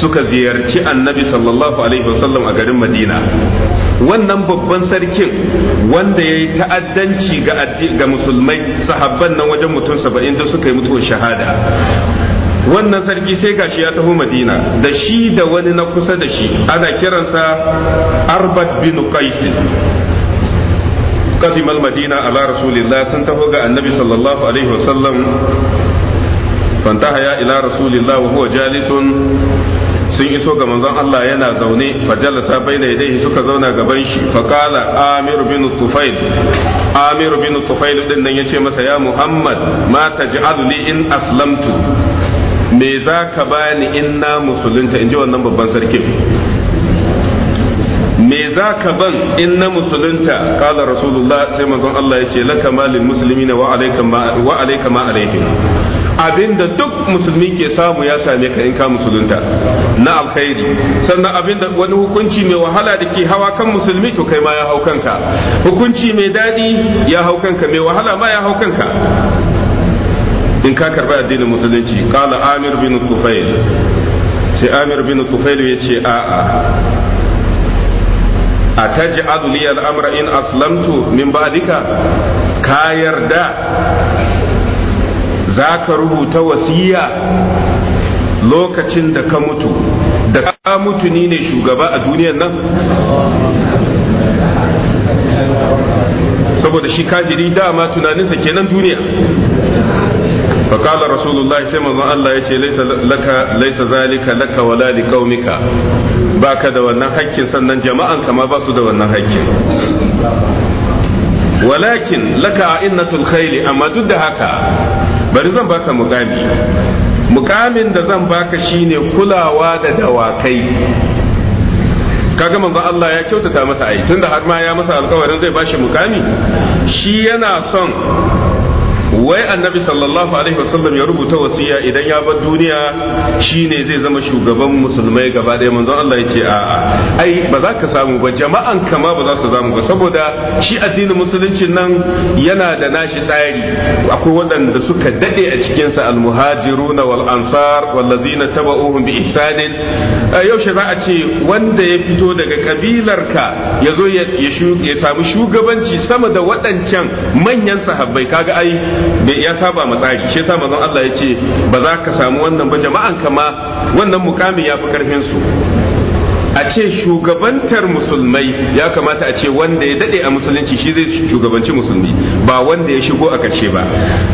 suka ziyarci annabi sallallahu alaihi wasallam a garin Madina wannan babban sarkin wanda ya yi ta'addanci ga ga musulmai sahabban nan wajen mutum saba'in da suka yi mutuwar shahada wannan sarki sai gashi ya taho madina da shi da wani na kusa da shi ana kiransa arbat bin qais قدم madina ala sun sun ga ga annabi sallallahu alaihi wasallam ya ila rasulillah wa huwa sun iso ga manzon Allah yana zaune fajalasa ya yadayhi suka zauna gaban shi faqala amir bin tufail amir bin tufail din nan yace masa ya muhammad ma taj'alu li in aslamtu me ka bani in na musulunta inji wannan babban sarkin me ka ban in na musulunta kala rasulullah sai manzon Allah yace laka malil muslimina wa alayka ma wa alayka ma abinda duk musulmi ke samu ya same ka in ka musulunta na alkhairi sannan abinda wani hukunci mai wahala da ke hawa kan musulmi to kai ma ya hau kanka hukunci mai daɗi ya hau kanka mai wahala ma ya hau kanka in ka karɓi addinin musulunci kala amir bin tufail sai amir bin tufail ya ce a'a a taji al'amra in aslamtu min ba'dika ka yarda za ka rubuta wasiya lokacin da ka mutu da ka mutu ni ne shugaba a duniyar nan saboda shi kafiri dama tunaninsa kenan duniya فقال رسول الله سيما الله يتي ليس لك ليس ذلك لك ولا لقومك baka da wannan hakkin sannan jama'an kama ba su da wannan hakkin walakin laka a innatul khaili amma duk da haka bari zan baka mukami mukamin da zan baka shine kulawa da dawakai kaga manzo Allah ya kyautata masa ai tunda har ma ya masa alƙawarin zai bashi mukami shi yana son wai annabi sallallahu alaihi wasallam ya rubuta wasiya idan ya bar duniya shine zai zama shugaban musulmai gaba ɗaya manzon Allah ya ce a'a ai ba za ka samu ba jama'an kama ba za su samu ba saboda shi addinin musulunci nan yana da nashi tsari akwai waɗanda suka dade a cikin sa almuhajiruna wal ansar wallazina taba'uhum bi ihsanin yaushe za a ce wanda ya fito daga kabilarka ya zo ya samu shugabanci sama da waɗancan manyan sahabbai kaga ai ya saba matsayi shi yasa manzon Allah ya ce ba za ka samu wannan ba jama'an kama wannan mukamin ya fi karfin su a ce shugabantar musulmai ya kamata a ce wanda ya dade a musulunci shi zai shugabanci musulmi ba wanda ya shigo a karshe ba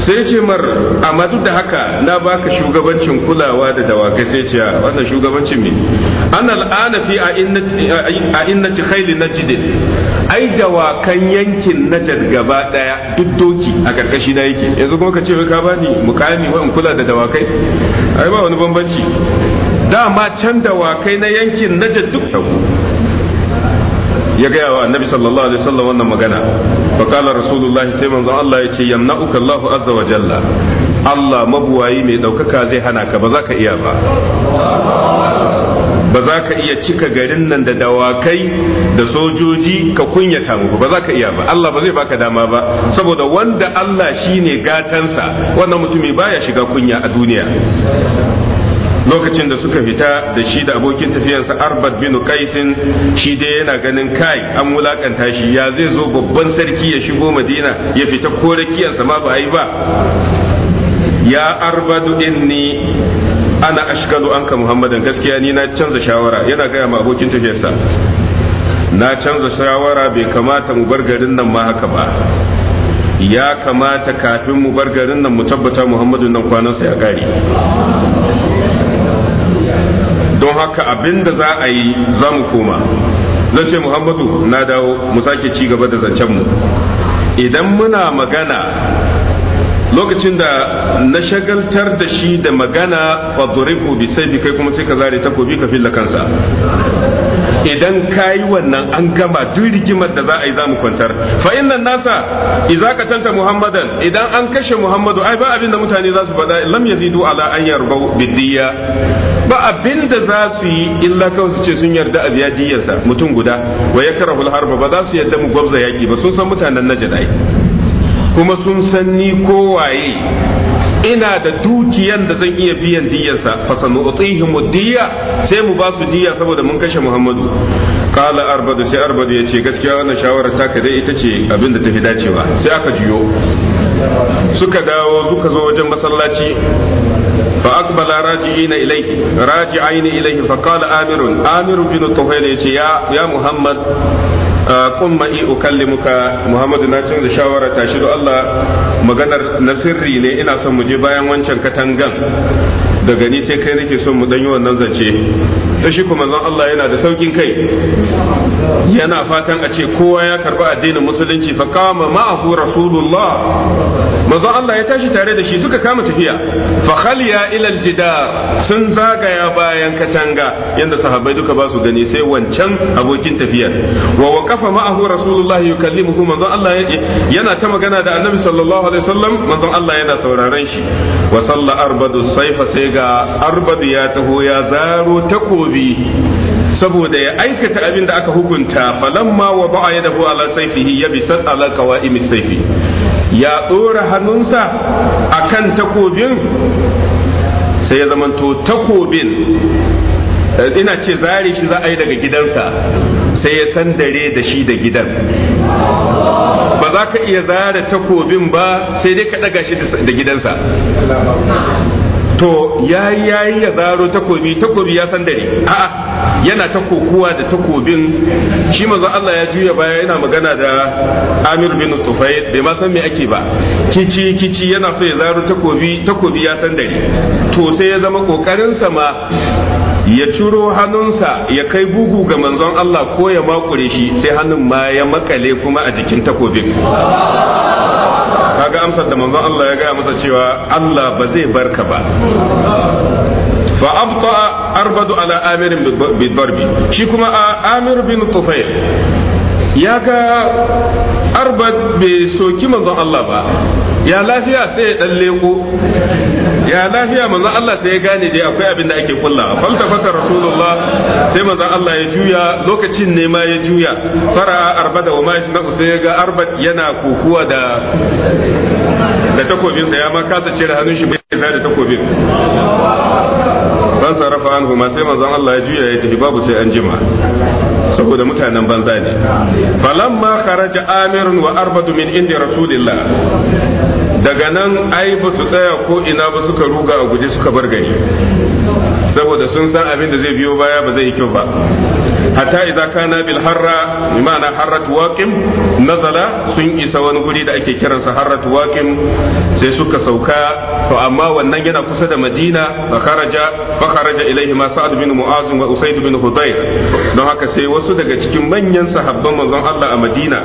sai ce mar amma duk da haka na baka shugabancin kulawa da dawakai sai ce wannan shugabancin me an al'ana fi a innati khayli najdin ai dawakan yankin najd gaba daya duk doki a karkashi na yake yanzu kuma ka ce ka bani mukami wa in kula da dawakai ai ba wani bambanci dama can da dawakai na yankin najar duk tagu ya gaya wa annabi sallallahu alaihi wasallam wannan magana fa qala rasulullahi sai manzo Allah ya ce yamna'uka Allah azza wa jalla Allah mabuwayi mai daukaka zai hana ka ba za ka iya ba ba za ka iya cika garin nan da dawakai da sojoji ka kunyata muku ba za ka iya ba Allah ba zai baka dama ba saboda wanda Allah shine gatansa wannan mutumi baya shiga kunya a duniya lokacin da suka fita da shi da abokin tafiyansa arbat bin kaisin shi dai yana ganin kai an wulakanta shi ya zai zo babban sarki ya shigo madina ya fita ko ma ba a yi ba ya arbadu inni ana ashkalu anka muhammadan gaskiya ni na canza shawara yana gaya ma abokin tafiyarsa na canza shawara bai kamata mu bar garin nan ma haka ba ya kamata kafin mu bar garin nan mu tabbata muhammadun nan kwanansa ya kare don haka abin da za a yi za mu koma zan ce muhammadu na dawo mu sake ci gaba da zancenmu idan muna magana lokacin da na shagaltar da shi da magana fadribu bi sai kai kuma sai ka zare takobi ka filla kansa idan kayi wannan an gama duk rigimar da za a yi za mu kwantar fa innan nasa idza qatanta muhammadan idan an kashe muhammadu ai ba abin da mutane za su faɗa lam yazidu ala an yarbau bidiyya. ba abin da za su yi illa kawai su ce sun yarda a biya diyarsa mutum guda wa yakrahu al-harba ba za su yarda mu gwabza yaki ba sun san mutanen najd kuma sun san ni kowaye ina da dukiyan da zan iya biyan diyarsa fa sanu'tihim mudiyya sai mu ba su diya saboda mun kashe Muhammadu kala arbadu sai arbadu yace gaskiya wannan shawarar ka dai ita ce abin da fi dacewa sai aka juyo suka dawo suka zo wajen masallaci fa aqbala raji'ina ilayhi raji'aina ilayhi fa qala amirun amiru bin tuhail yace ya ya muhammad ah, qum kalli ukallimuka muhammadu na canza shawara ta shi. Allah maganar na sirri ne ina son mu je bayan wancan katangan daga ni sai kai nake son mu dan yi wannan zance to shi kuma Allah yana da saukin kai yana fatan a ce kowa ya karba addinin musulunci fa kama ma'ahu rasulullah manzon Allah ya tashi tare da shi suka kama tafiya fa khaliya ila aljidar sun zagaya bayan katanga yanda sahabbai duka ba su gani sai wancan abokin tafiyar wa waqafa ma'ahu rasulullah yukallimuhu manzon Allah yana ta magana da annabi sallallahu alaihi wasallam manzon Allah yana sauraron shi wa salla arbadu sayfa sai ga arbadu ya taho ya zaro takobi saboda ya aikata abin da aka hukunta ma wa ba'a dafu ala sayfihi yabisat ala qawaimi saifi. ya tsora hannunsa a kan takobin sai ya zamanto takobin eh, ina ce zare shi za a yi daga gidansa sai ya dare da shi da gidan ba za ka iya zara takobin ba sai dai ka ɗaga shi da gidansa to yayi yayi ya zaro takobi takobi ya san dare a yana ta kokuwa da takobin shi manzo Allah ya juya baya yana magana da Amir bin Tufayl bai ma san me ake ba kici kici yana so ya zaro takobi takobi ya san dare to sai ya zama kokarin sa ma ya ciro hannunsa ya kai bugu ga manzon Allah ko ya makure shi sai hannun ma ya makale kuma a jikin takobin kaga amsar da manzon Allah ya gaya masa cewa Allah ba zai barka ba fa abta arbadu ala amir bin barbi shi kuma amir bin tufayl ya ga arbad bai soki manzon Allah ba ya lafiya sai ya dan leko ya lafiya manzon Allah sai ya gane dai akwai abin da ake kulla falta faka rasulullah sai manzon Allah ya juya lokacin ne ma ya juya fara arbada wa ma na sai ga arbad yana kokuwa da da takobin sa ya ma kasa cire hannun shi bai da takobin ban sarrafa anhu ma sai manzon Allah ya juya ya tafi babu sai an jima saboda mutanen banza ne falamma kharaja amirun wa arbadu min inda rasulillah daga nan ai ba su tsaya ko ina ba suka ruga a guje suka bar gari saboda sun san abin da zai biyo baya ba zai yi kyau ba hatta idza kana bil harra bima'ana harrat waqim nazala sun isa wani guri da ake kiransa harrat waqim sai suka sauka to amma wannan yana kusa da Madina fa kharaja fa kharaja ilaihi ma sa'ad bin mu'az wa usayd bin hudayr don haka sai wasu daga cikin manyan sahabban manzon Allah a Madina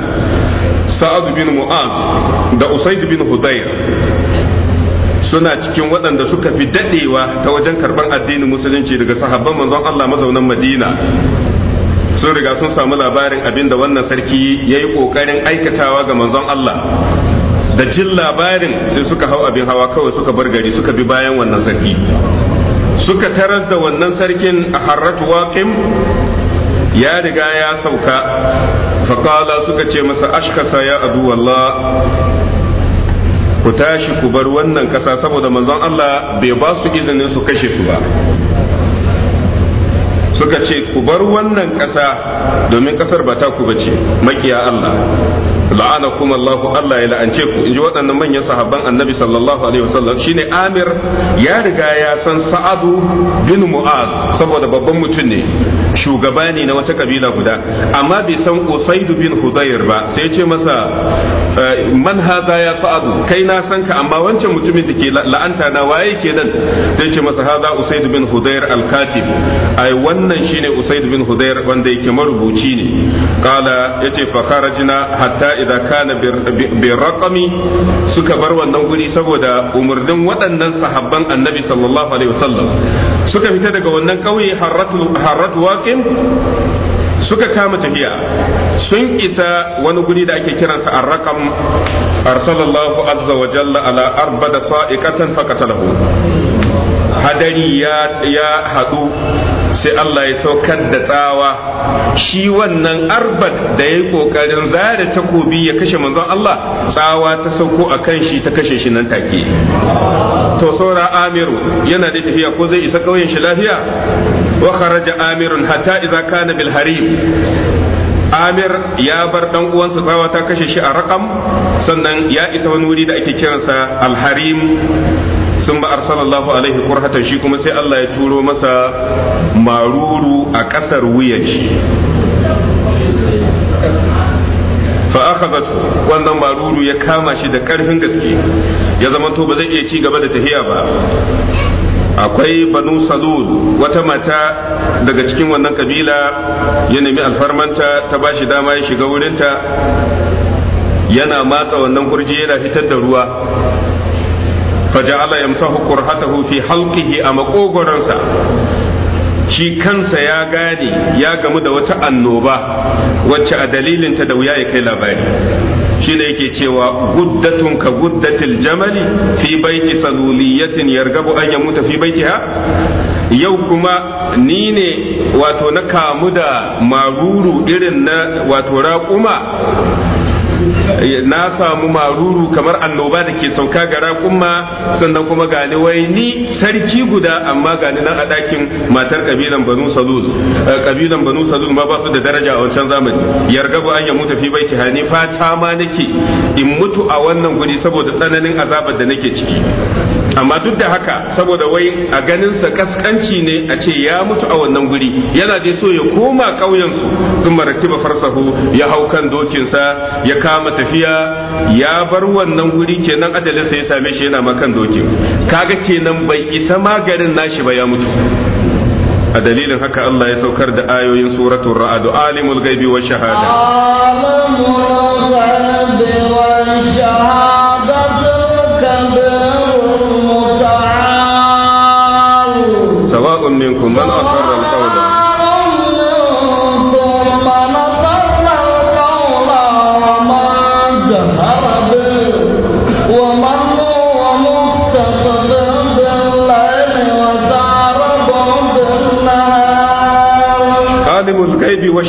sa'ad bin mu'az da usaid bin hudayr suna cikin waɗanda suka fi daɗewa ta wajen karban addinin musulunci daga sahabban manzon Allah mazaunan Madina sun riga sun samu labarin abinda wannan sarki ya yi ƙoƙarin aikatawa ga manzon Allah da jin labarin sai suka hau abin hawa kawai suka bar gari suka bi bayan wannan sarki suka taras da wannan sarkin a harratu waƙim ya riga ya sauka faƙala suka ce masa ashkasa ya abu wallah ku tashi ku bar wannan ƙasa saboda manzon Allah bai ba su izinin su kashe su ba suka ce ku bar wannan ƙasa domin ƙasar ba ta ku bace makiya Allah la'anakum Allahu Allah ya la'ance ku inji waɗannan manyan sahabban annabi sallallahu alaihi wasallam shine Amir ya riga ya san Sa'adu bin Mu'az saboda babban mutum ne shugaba ne na wata kabila guda amma bai san Usaid bin Hudayr ba sai ya ce masa eh, man hadha ya Sa'adu kai na san ka amma wancan mutumin da ke la'anta na waye kenan sai ya ce masa hadha Usaid bin Hudayr al-Katib ai wannan shine Usaid bin Hudayr wanda yake marubuci ne kala yace fa kharajna hatta idza kana bi raqami suka bar wannan guri saboda umurnin waɗannan sahabban annabi sallallahu alaihi wasallam suka fita daga wannan kauye harratu harratu suka kama tafiya sun isa wani guri da ake kiransa arrakam arsalallahu azza wa jalla ala arbada sa'iqatan faqatalahu hadari ya ya hadu sai Allah ya saukar da tsawa shi wannan arbat da ya yi kokarin zare takobi ya kashe manzon Allah tsawa ta sauko a kan shi ta kashe shi nan take to saura amiru yana da tafiya ko zai isa kauyen shi lafiya wa kharaja amirun hatta idza kana bil harim amir ya bar dan uwansa tsawa ta kashe shi a raqam sannan ya isa wani wuri da ake kiransa al harim sun ba arsalallahu alaihi kurhatan shi kuma sai Allah ya turo masa maruru a ƙasar wuyan shi fa akhadat wannan maruru ya kama shi da ƙarfin gaske ya zama to ba zai iya ci gaba da tahiya ba akwai banu salul wata mata daga cikin wannan kabila ya nemi alfarmanta ta ba shi dama ya shiga wurinta yana matsa wannan kurji yana fitar da ruwa fajala yamsahu qurhatahu fi halqihi a makogoransa shi kansa ya gane ya gamu da wata annoba wacce a dalilin ta da wuya ya kai labari shi ne yake cewa guddatun ka guddatil jamali fi baiti saluliyatin yargabu an yamuta fi baitiha yau kuma ni ne wato na kamu da maruru irin na wato raƙuma na samu maruru kamar annoba da ke sauka ga raƙumma sannan kuma gani wai ni sarki guda amma gani nan a ɗakin matar kabilan banu salul kabilan eh, banu salul ma ba su da daraja a wancan zamani yargabu an ya mutu fi baiti hani fata ma nake in mutu a wannan guri saboda tsananin azabar da nake ciki amma duk da haka saboda wai a ganin sa kaskanci ne a ce ya mutu a wannan guri yana dai so ya koma ƙauyensu sun maraktiba farsahu ya hau kan dokinsa ya kama tafiya ya bar wannan guri kenan ajalin sa ya same shi yana makan doki kaga kenan bai isa maganin nashi ba ya mutu a dalilin haka Allah ya saukar da ayoyin suratul ra'd alimul ghaibi wa shahada alimul ghaibi wa shahada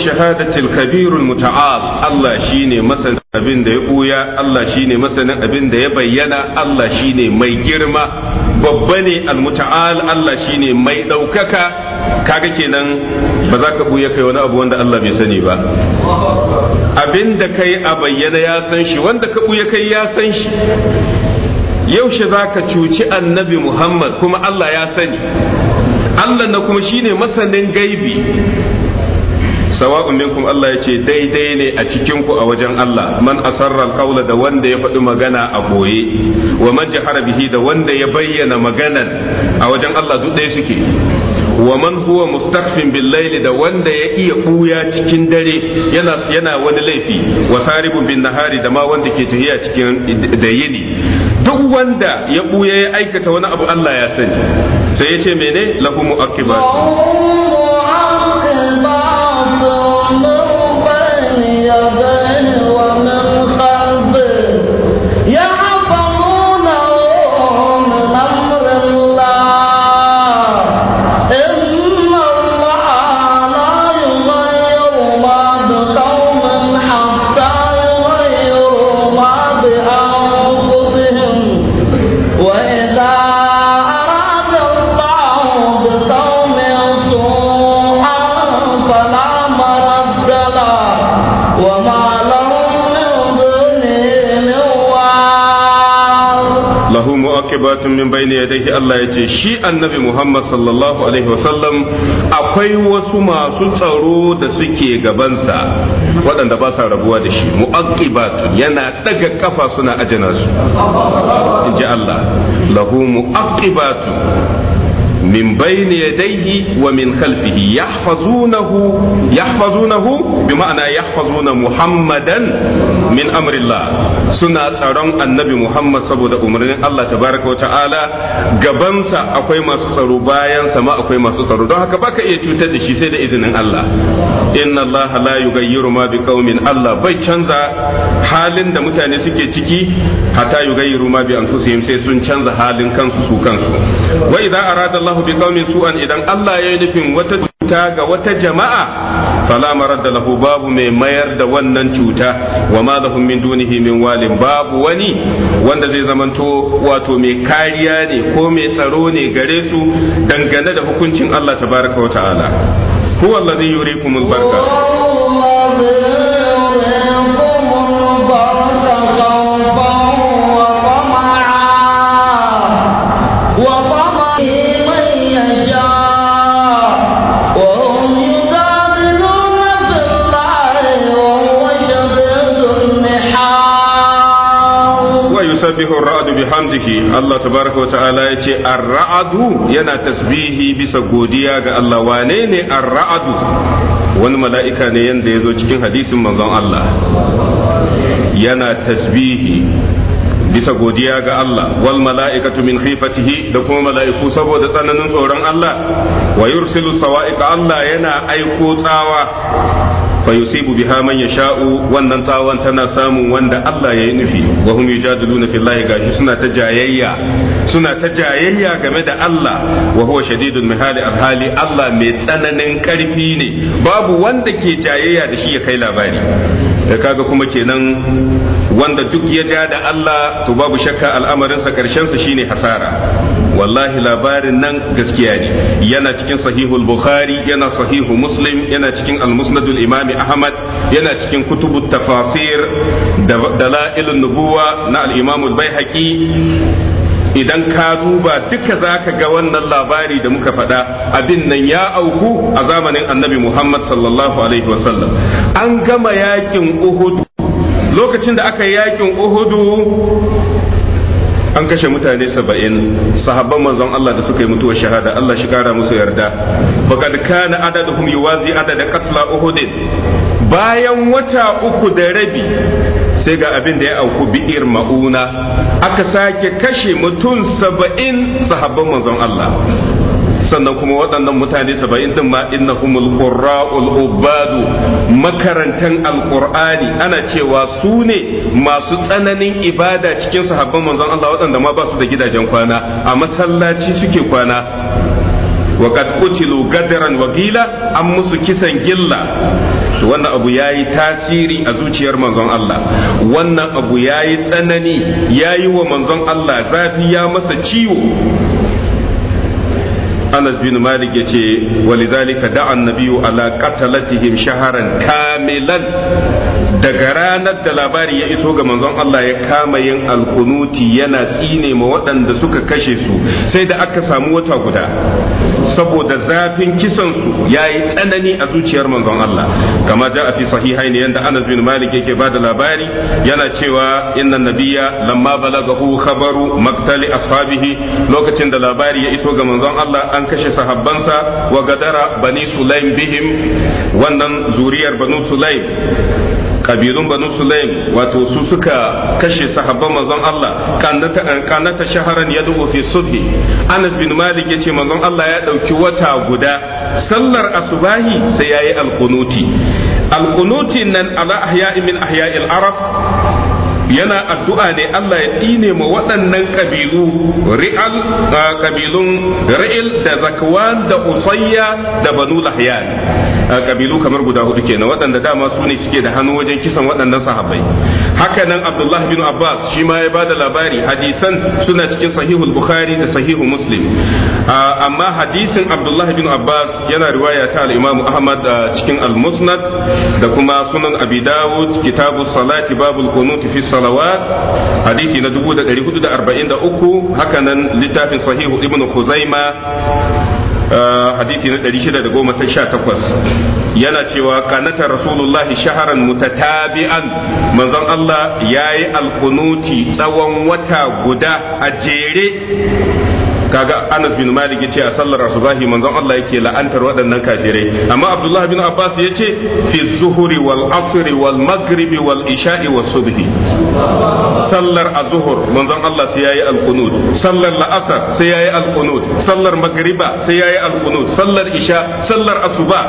shahadati al-kabir mutaal Allah shine masanin abin da ya buya Allah shine masanin abin da ya bayyana Allah shine mai girma babba ne al-muta'al Allah shine mai daukaka kaga kenan ba za ka buya kai wani abu wanda Allah bai sani ba abin da kai a bayyana ya san wanda ka buya kai ya san yaushe za ka cuci annabi Muhammad kuma Allah ya sani Allah na kuma shine masanin gaibi sawa'un minkum Allah yace daidai ne a cikin ku a wajen Allah man asarra alqawla da wanda ya faɗi magana a boye wa man jahara bihi da wanda ya bayyana maganan a wajen Allah duk ɗaya suke wa man huwa mustakfin bil da wanda ya iya buya cikin dare yana yana wani laifi wa saribun bin nahari da ma wanda ke tafiya cikin da yini duk wanda ya buya ya aikata wani abu Allah ya sani sai ya ce mene lahu mu'aqibat ce shi annabi Muhammad sallallahu alaihi wasallam akwai wasu masu tsaro da suke gabansa waɗanda ba sa rabuwa da shi mu'aqqibatun yana daga kafa suna ajina su inji Allah lahu mu'aqqibatun من بين يديه ومن خلفه يحفظونه يحفظونه بمعنى يحفظون muhammadan. min amrillah suna tsaron annabi Muhammad saboda umarnin Allah tabaraka wa ta'ala gabansa akwai masu tsaro bayan sama akwai masu tsaro don haka baka iya cutar da shi sai da izinin Allah inna Allah la yughayyiru ma biqaumin Allah bai canza halin da mutane suke ciki hatta yughayyiru ma bi anfusihim sai sun canza halin kansu su kansu wa idza arada Allah biqaumin su'an idan Allah ya yi nufin wata cuta ga wata jama'a fala maradda lahu babu mai mayar da wannan cuta wa ma lahum min dunihi min walin babu wani wanda zai zamanto wato mai kariya ne ko mai tsaro ne gare su dangane da hukuncin Allah tabaraka wa ta'ala huwa alladhi yurikumul barka Allah tabaraka ta'ala ya ce arra'adu yana tasbihi bisa godiya ga Allah wane ne ar wani mala'ika ne yanda ya zo cikin hadisin manzon Allah yana tasbihi bisa godiya ga Allah wal mala'ikatu min khifatihi da kuma mala'iku saboda tsananin tsoron Allah wa yursilu sawa'iqa Allah yana aiko tsawa fa yusibu biha man yasha'u wannan tsawon tana samun wanda Allah ya yi nufi wa hum yujadiluna fillahi gashi suna ta jayayya suna ta jayayya game da Allah wa huwa shadidul mihali alhali Allah mai tsananin karfi ne babu wanda ke jayayya da shi ya kai labari da kaga kuma kenan wanda duk ya ja da Allah to babu shakka al'amarinsa karshensa shine hasara wallahi labarin nan gaskiya ne yana cikin sahihul bukhari yana sahihu muslim yana cikin al-musnadul imam ahmad yana cikin kutubut tafasir la'ilun nubuwa na al-imam idan ka duba duka za ka ga wannan labari da muka faɗa abin nan ya auku a zamanin annabi Muhammad sallallahu Alaihi wasallam an gama yakin Uhudu lokacin da aka yi yakin Uhudu an kashe mutane saba'in sahabban manzon Allah da suka yi mutuwar shahada Allah shi kara musu yarda faqad kana adaduhum yuwazi adada qatla uhud bayan wata uku da rabi sai ga abin da ya auku bi'ir ma'una aka sake kashe mutum saba'in sahabban manzon Allah sannan kuma waɗannan mutane saba'in din ma innahumul qurra'ul ubadu makarantan alqur'ani ana cewa su ne masu tsananin ibada cikin sahabban manzon Allah waɗanda ma ba su da gidajen kwana a masallaci suke kwana wa qad gadaran wa an musu kisan gilla wannan abu ya yi tasiri a zuciyar manzon Allah wannan abu ya yi tsanani ya yi wa manzon Allah zafi ya masa ciwo anas bin malik ya ce walidhalika da'a an-nabiyyu ala qatalatihim shaharan kamilan daga ranar da labari ya iso ga manzon Allah ya kama yin alkunuti yana tsine ma waɗanda suka kashe su sai da aka samu wata guda saboda zafin kisan su yayi tsanani a zuciyar manzon Allah kama ja a fi sahihaini yanda Anas bin Malik yake bada labari yana cewa inna nabiyya lamma balagahu khabaru maktali ashabihi lokacin da labari ya iso ga manzon Allah an kashe sahabbansa wa gadara bani sulaim bihim wannan zuriyar banu sulaim kabilun banu sulaim wato su suka kashe sahabban manzon Allah kanata shaharan ya fi subhi Anas bin Malik ya ce manzon Allah ya ɗauki wata guda sallar asubahi sai ya yi alkunuti alkunuti nan ala ahya'i min ahya'il arab yana addu'a ne Allah ya tsine ma waɗannan kabilu ri'al kabilun ra'il da zakwan da usayya da banu lahyan kabilu kamar guda hudu kenan waɗanda dama su ne suke da hannu wajen kisan waɗannan sahabbai haka nan Abdullah bin Abbas shi ma ya da labari hadisan suna cikin sahihul Bukhari da sahihu Muslim amma hadisin Abdullah bin Abbas yana riwaya ta al-Imam Ahmad cikin al-Musnad da kuma sunan Abi Dawud kitabu salati babul qunut fi salawat hadisi na 1443 hakanan littafin sahihu ibn khuzaima uh, hadisi na 618 yana cewa kanata rasulullahi shaharan tabian manzon Allah yayi alkunuti tsawon wata guda a jere kaga Anas bin Malik yace a sallar asubahi manzon Allah yake la'antar waɗannan kafirai amma Abdullah bin Abbas yace fi zuhuri wal asri wal maghribi wal isha'i was subhi sallar azhur manzon Allah sai yayi alqunut sallar la'asar sai yayi alqunut sallar maghriba sai yayi alqunut sallar isha sallar asuba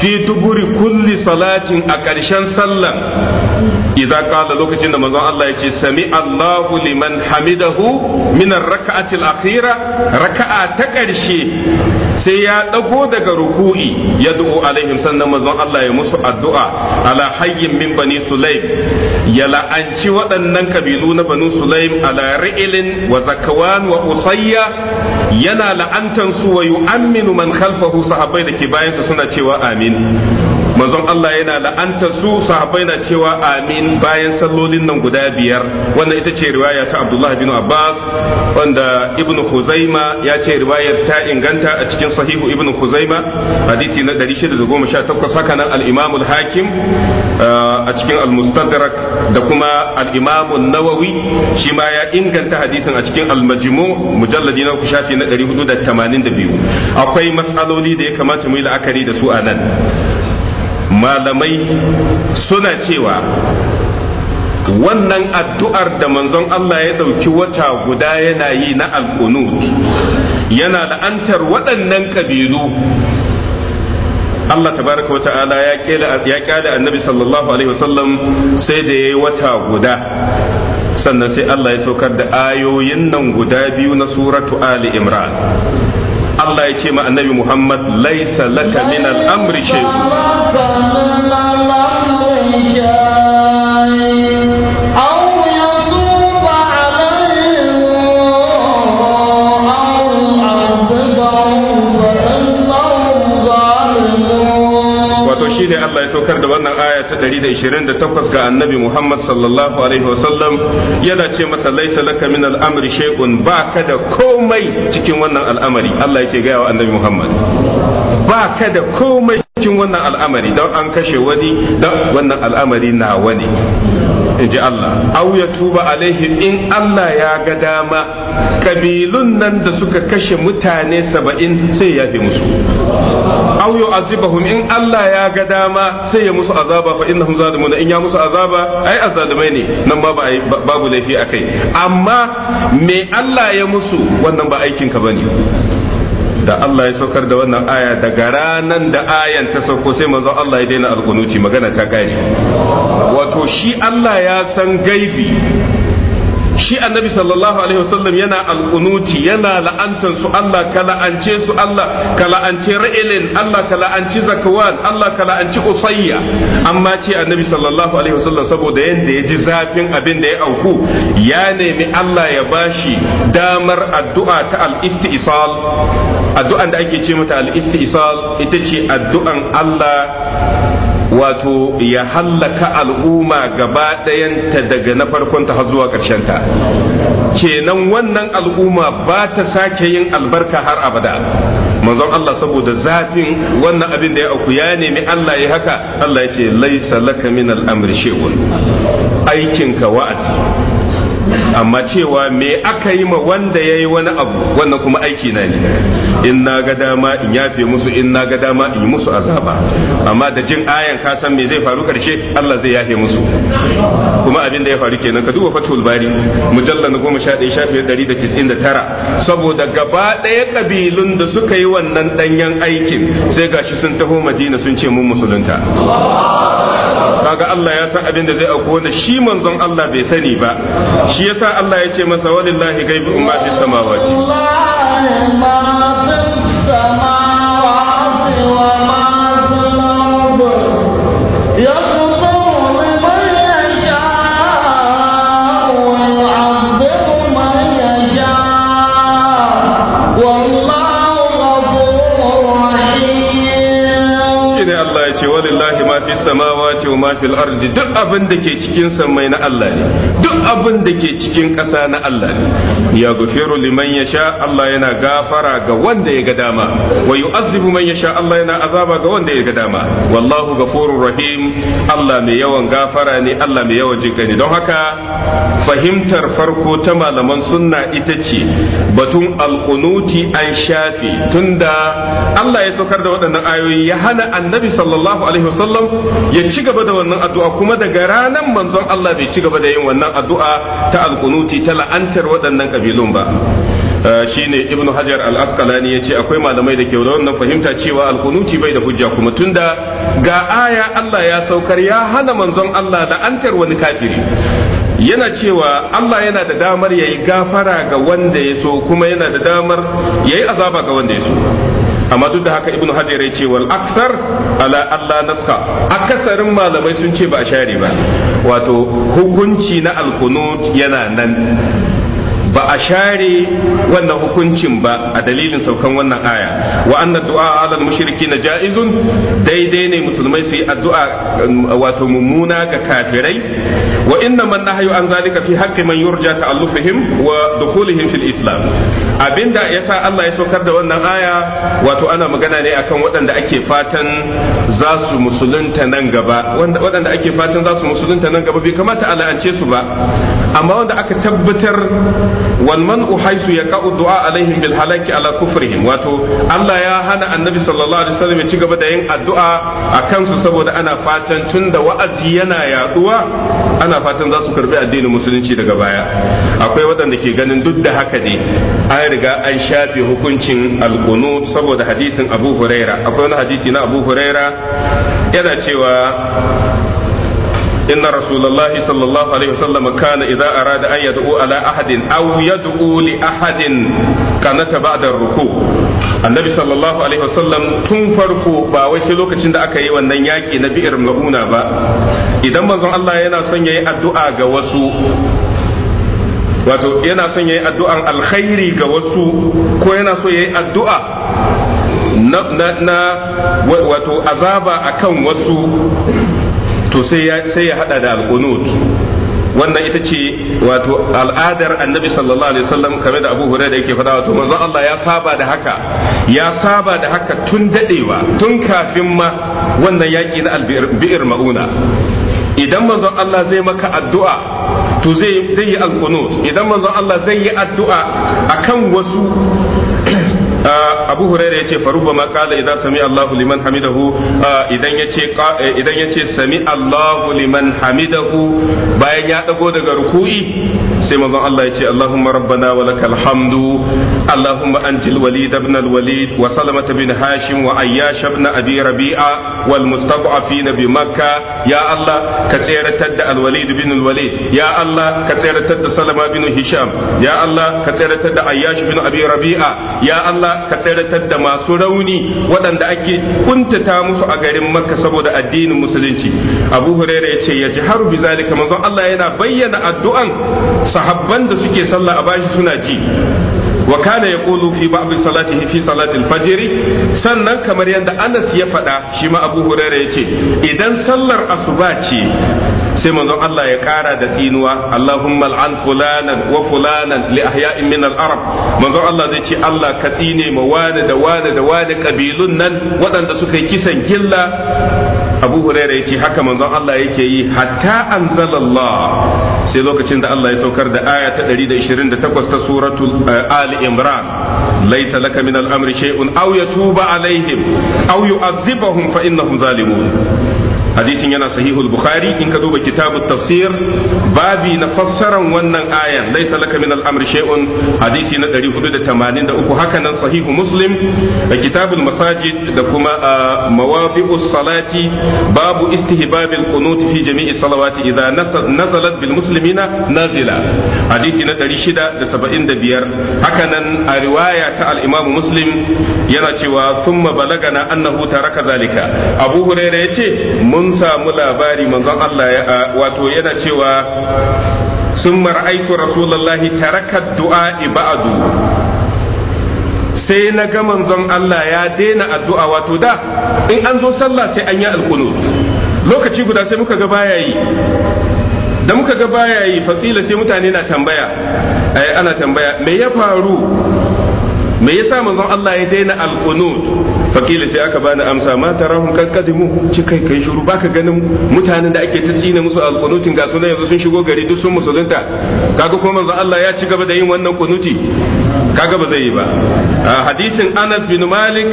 fi duburi kulli salatin a ƙarshen sallar idza qala lokacin da manzon Allah yace sami Allahu liman hamidahu min ar akhira raka'a ta karshe sai ya dago daga ruku'i ya du'u alaihim sannan manzon Allah ya musu addu'a ala hayyin min bani ya la'anci waɗannan kabilu na banu sulaim ala ri'ilin wa zakawan wa usayya yana la'antan su wa yu'amminu man khalfahu sahabbai da ke bayansa suna cewa amin manzon Allah yana la'anta su sahabbai na cewa amin bayan sallolin nan guda biyar wannan ita ce riwaya ta Abdullah bin Abbas wanda Ibn Khuzaima ya ce riwayar ta inganta a cikin sahihu Ibn Khuzaima hadisi na 618 haka nan al-Imam al-Hakim uh, a cikin al-Mustadrak da kuma al-Imam an-Nawawi shi ma ya inganta hadisin a cikin al-Majmu mujalladi na shafi na 482 akwai matsaloli da ya kamata mu yi la'akari da su a nan malamai suna cewa wannan addu'ar da manzon Allah ya ɗauki wata guda yana yi na alkunut yana la'antar waɗannan ƙabilu Allah tabaraka wa ta'ala ya ƙyada annabi sallallahu alaihi wasallam sai da ya yi wata guda sannan sai Allah ya saukar da ayoyin nan guda biyu na suratu Ali Imran Allah ya ce ma annabi Muhammad laisa laka min al'amri shay'un shine Allah ya saukar da wannan aya ta 128 ga annabi Muhammad sallallahu alaihi wasallam yana ce mata laisa laka min al'amri shay'un baka da komai cikin wannan al'amari Allah yake gaya wa annabi Muhammad baka da komai cikin wannan al'amari don an kashe wani don wannan al'amari na wani in ji Allah au ya tuba alaihi in Allah ya ga dama kabilun nan da suka kashe mutane saba'in sai ya fi musu au ya azibahum in Allah ya ga dama sai ya musu azaba fa innahum zalimuna in ya musu azaba ai azalimai ne nan babu babu laifi akai amma me Allah ya musu wannan ba aikin ka bane da Allah ya saukar da wannan aya daga ranan da ayan ta sauko sai manzo Allah ya daina alkunuci magana ta kai wato shi Allah ya san gaibi shi annabi sallallahu alaihi wasallam yana alqunuti yana la'antar su Allah ka la'ance su Allah ka la'ance ra'ilin Allah ka la'anci zakawan Allah ka la'anci usayya amma ce annabi sallallahu alaihi wasallam saboda yanda ya ji zafin abin da ya auku ya nemi Allah ya bashi damar addu'a ta al-istisal addu'an da ake ce mata al-istisal ita ce addu'an Allah wato ya hallaka al'umma gaba ɗayanta daga na farkonta har zuwa ta kenan wannan al'umma ba ta sake yin albarka har abada manzon Allah saboda zafin wannan abin da ya auku ya nemi Allah ya haka Allah ya ce laisa laka min al'amri shay'un aikinka wa'azi amma cewa me aka yi ma wanda ya yi wani abu wannan kuma aiki na ne in na ga dama in yafe musu in na ga dama in yi musu azaba amma da jin ayan ka san me zai faru karshe Allah zai yafe musu kuma abin da ya faru kenan ka duba fatul bari mujallal goma sha ɗaya shafi ɗari da da tara saboda gaba ɗaya kabilun da suka yi wannan ɗanyen aikin sai gashi sun taho madina sun ce mun musulunta kaga Allah ya san abin da zai auku wanda shi manzon Allah bai sani ba shi yasa Allah ya ce masa walillahi gaibu ma fi samawati Allah ma fi samawati wa ma ma fil ardi duk abin da ke cikin sammai na Allah ne duk abin da ke cikin ƙasa na Allah ne ya gufiru liman yasha Allah yana gafara ga wanda ya ga dama wa yu'azzibu man yasha Allah yana azaba ga wanda ya ga dama wallahu ghafurur rahim Allah mai yawan gafara ne Allah mai yawan jinka ne don haka fahimtar farko ta malaman sunna ita ce batun alqunuti an shafi tunda Allah ya saukar da waɗannan ayoyi ya hana annabi sallallahu alaihi wasallam ya ci gaba da da wannan addu'a kuma daga ranar manzon Allah bai ci gaba da yin wannan addu'a ta alkunuti ta la'antar waɗannan kabilun ba eh, shine Ibnu hajar al-asqalani ce, akwai malamai da ke da wannan fahimta cewa alkunuti bai da hujja kuma tunda ga aya Allah ya saukar ya hana manzon Allah la'antar wani kafiri yana cewa Allah yana da damar yayi gafara ga wanda ya so kuma yana da damar yayi azaba ga wanda ya so amma duk da haka ibnu hajar ya ce wal aksar ala Allah naska akasarin malamai sun ce ba a share ba wato hukunci na alkunut yana nan ba a share wannan hukuncin ba a dalilin saukan wannan aya wa anna du'a alal mushriki na ja'izun daidai ne musulmai su yi addu'a wato mummuna ga kafirai wa inna man nahyu an zalika fi haqqi man yurja ta'allufihim wa dukhulihim fil islam abinda yasa Allah ya saukar da wannan aya wato ana magana ne akan waɗanda ake fatan za su musulunta nan gaba waɗanda ake fatan za su musulunta nan gaba bai kamata a la'ance su ba amma wanda aka tabbatar wal man'u haisu ya ka'u du'a alaihim bil halaki ala kufrihim wato Allah ya hana annabi sallallahu alaihi wasallam ya ci gaba da yin addu'a a kansu saboda ana fatan tunda wa'azi yana yaduwa ana fatan za su karbi addinin musulunci daga baya akwai waɗanda ke ganin duk da haka ne an riga an shafe hukuncin alqunu saboda hadisin Abu Huraira akwai wani hadisi na Abu Huraira yana cewa إن رسول الله صلى الله عليه وسلم كان إذا أراد أن يدعو على أحد أو يدعو لأحد كانت بعد الركوع annabi sallallahu alaihi wasallam tun farko ba wai sai lokacin da aka yi wannan yaƙi na bi'ar ma'una ba idan manzon Allah yana son yayi addu'a ga wasu wato yana son yayi addu'an alkhairi ga wasu ko yana so yayi addu'a na wato azaba akan wasu to sai ya hada da alqunut wannan ita ce wato al'adar annabi sallallahu alaihi wasallam kame da abu hurairah yake faɗa wato manzo Allah ya saba da haka ya saba da haka tun dadewa tun kafin ma wannan yaki na albi'ir mauna idan manzon Allah zai maka addu'a to zai yi alqunut idan manzon Allah zai yi addu'a akan wasu abu huraira yace faruba ma qala idan sami Allahu liman hamidahu idan yace idan sami Allahu liman hamidahu bayan ya dago daga ruku'i sai manzon Allah yace Allahumma rabbana wa lakal alhamdu Allahumma anjil walid ibn al walid wa salamata bin hashim wa ayyash ibn abi rabi'a wal mustad'afin bi makkah ya Allah ka tseratar da al walid bin al walid ya Allah ka tseratar da salama bin hisham ya Allah ka tseratar da ayyash bin abi rabi'a ya Allah ka tsaratar da masu rauni waɗanda ake kuntata musu a garin makka saboda addinin musulunci abu huraira ya ce ya ji haru bi zalika manzon Allah yana bayyana addu'an sahabban da suke sallah a bashi suna ji wa kana yaqulu fi ba'd salatihi fi salati al sannan kamar yadda Anas ya faɗa shi ma Abu ya yace idan sallar asuba ce sai manzon Allah ya kara da tsinuwa Allahumma al'an fulanan wa fulanan li ahya'in min al-arab manzon Allah zai ce Allah ka tsine ma wani da wani da wani kabilun nan waɗanda suka yi kisan gilla abu huraira yace haka manzon Allah yake yi hatta anzalallah sai lokacin da Allah ya saukar da aya ta 128 ta suratu eh, ali imran laysa laka min al-amri shay'un aw yatuba alaihim aw yu'adhibahum fa innahum zalimun hadisin yana sahihul bukhari in ka duba kitabu tafsir babi na fassaran wannan ayan laysa laka min al-amri shay'un hadisi na 483 haka nan sahihu muslim da masajid da kuma mawadi'us salati babu istihbabil qunut fi jami'i salawati idza nazalat bil muslimina nazila hadisi na 675 haka nan a riwaya ta al-imam muslim yana cewa ma thumma balagana annahu taraka zalika abu hurairah yace mun samu labari manzon Allah wato yana cewa sun mar'aitu rasulullahi taraka du'a ba'du sai na ga manzon Allah ya daina addu'a wato da in an zo sallah sai an yi alqunut lokaci guda sai muka ga baya yi da muka ga baya yi fasila sai mutane na tambaya ana tambaya me ya faru me yasa manzon Allah ya daina alqunut fakila sai aka bani amsa ma tarahum kakkadimu ci kai kai shiru baka ganin mutanen da ake ta tsina musu alqunutin ga sunan yanzu sun shigo gari duk sun musulunta kaga kuma manzon Allah ya ci gaba da yin wannan kunuti kaga ba zai yi ba hadisin Anas bin Malik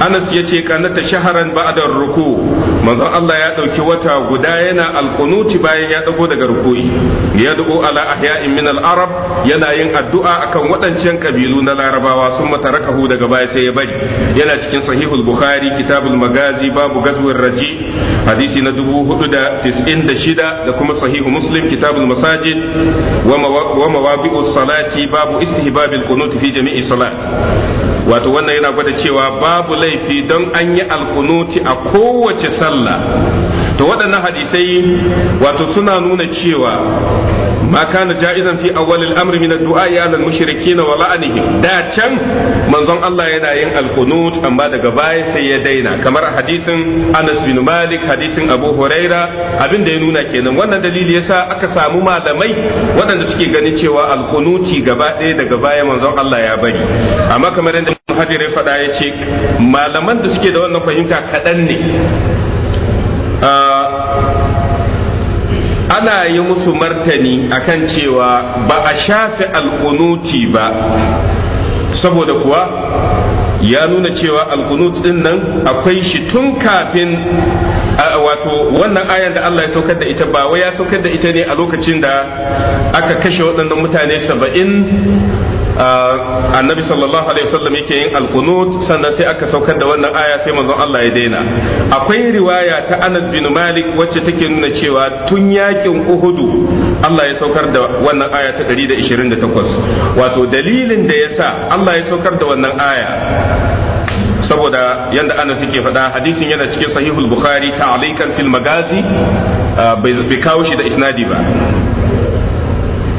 Anas yace ta shaharan ba'da ruku manzon Allah ya dauki wata guda yana alkunuti bayan ya dago daga rukuyi yad'u ala ahya'in min al-arab yana yin addu'a akan waɗancan kabilu na larabawa sun matarakahu daga baya sai ya bari yana cikin sahihul bukhari kitabul magazi babu gazwin raji hadisi na dubu hudu da da shida kuma sahihu muslim kitabul masajid wa mawabi'us salati babu istihbabil qunut fi jami'i salat wato wannan yana gwada cewa babu laifi don an yi alkunuti a kowace sallah to waɗannan hadisai wato suna nuna cewa ma kana ja'izan fi awwal al-amr min dua ya lil mushrikeen wa la'anihim da can manzon Allah yana yin al amma daga baya sai ya daina kamar hadisin Anas bin Malik hadisin Abu Huraira abin da ya nuna kenan wannan dalili yasa aka samu malamai waɗanda suke ganin cewa al gaba ɗaya daga baya manzon Allah ya bari amma kamar yadda Hajar ya faɗa ya ce malaman da suke da wannan fahimta kaɗan ne ana yi musu martani akan cewa ba a shafe alkunuti ba saboda kuwa ya nuna cewa alkunut din nan akwai shi tun kafin wato wannan ayan da Allah ya saukar da ita ba wai ya saukar da ita ne a lokacin da aka kashe waɗannan mutane saba'in annabi sallallahu alaihi wasallam yake yin alqunut sannan sai aka saukar da wannan aya sai manzon Allah ya daina akwai riwaya ta Anas bin Malik wacce take nuna cewa tun yakin Uhudu Allah ya saukar da wannan aya ta 128 wato dalilin da yasa Allah ya saukar da wannan aya saboda yanda Anas yake faɗa hadisin yana cikin sahihul Bukhari ta'alikan fil magazi bai kawo shi da isnadi ba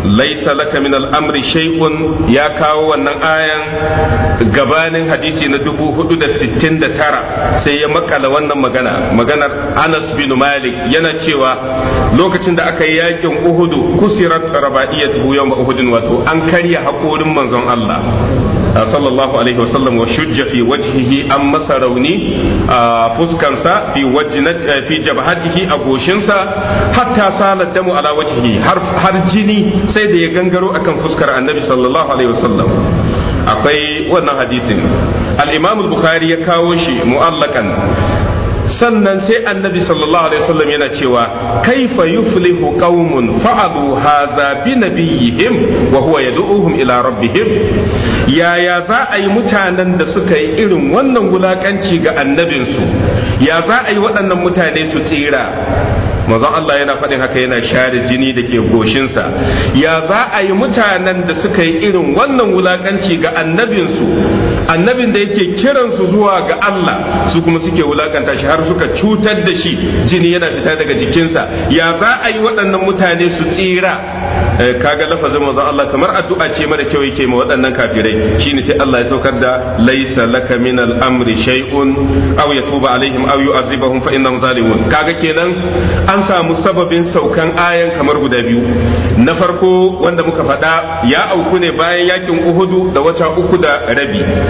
laisa laka min al'amri shay'un ya kawo wannan ayan gabanin hadisi na 469 sai ya makala wannan magana maganar Anas bin Malik yana cewa lokacin da aka yi yakin Uhudu kusirat raba'iyatuhu yawm Uhudin wato an karya hakorin manzon Allah sallallahu alaihi wasallam wa shujja fi wajhihi an masa rauni a fuskansa fi eh, fi a goshinsa hatta salat damu ala wajhihi har jini sai da ya gangaro akan fuskar annabi sallallahu alaihi wasallam akwai wannan hadisin al-imam al-bukhari ya kawo shi mu'allakan sannan sai annabi sallallahu alaihi wasallam yana cewa kaifa yuflihu qaumun fa'alu hadha bi nabiyihim wa huwa yad'uhum ila rabbihim yaya za a yi mutanen da suka yi irin wannan wulaƙanci ga annabinsu ya za a yi waɗannan mutane su tsira manzon Allah yana faɗin haka yana share jini da ke goshinsa ya za a yi mutanen da suka yi irin wannan wulakanci ga annabinsu annabin da yake kiran su zuwa ga Allah su kuma suke wulakanta shi har suka cutar da shi jini yana fita daga jikinsa ya za a yi waɗannan mutane su tsira eh, kaga lafazin maza Allah kamar addu'a ce mara kyau yake ma waɗannan kafirai shine sai Allah ya saukar da laisa laka min al-amri shay'un aw yatuba alaihim aw yu'azibahum fa innahum zalimun kaga kenan an samu sababin saukan ayan kamar guda biyu na farko wanda muka faɗa ya auku ne bayan yakin Uhudu da wata uku da rabi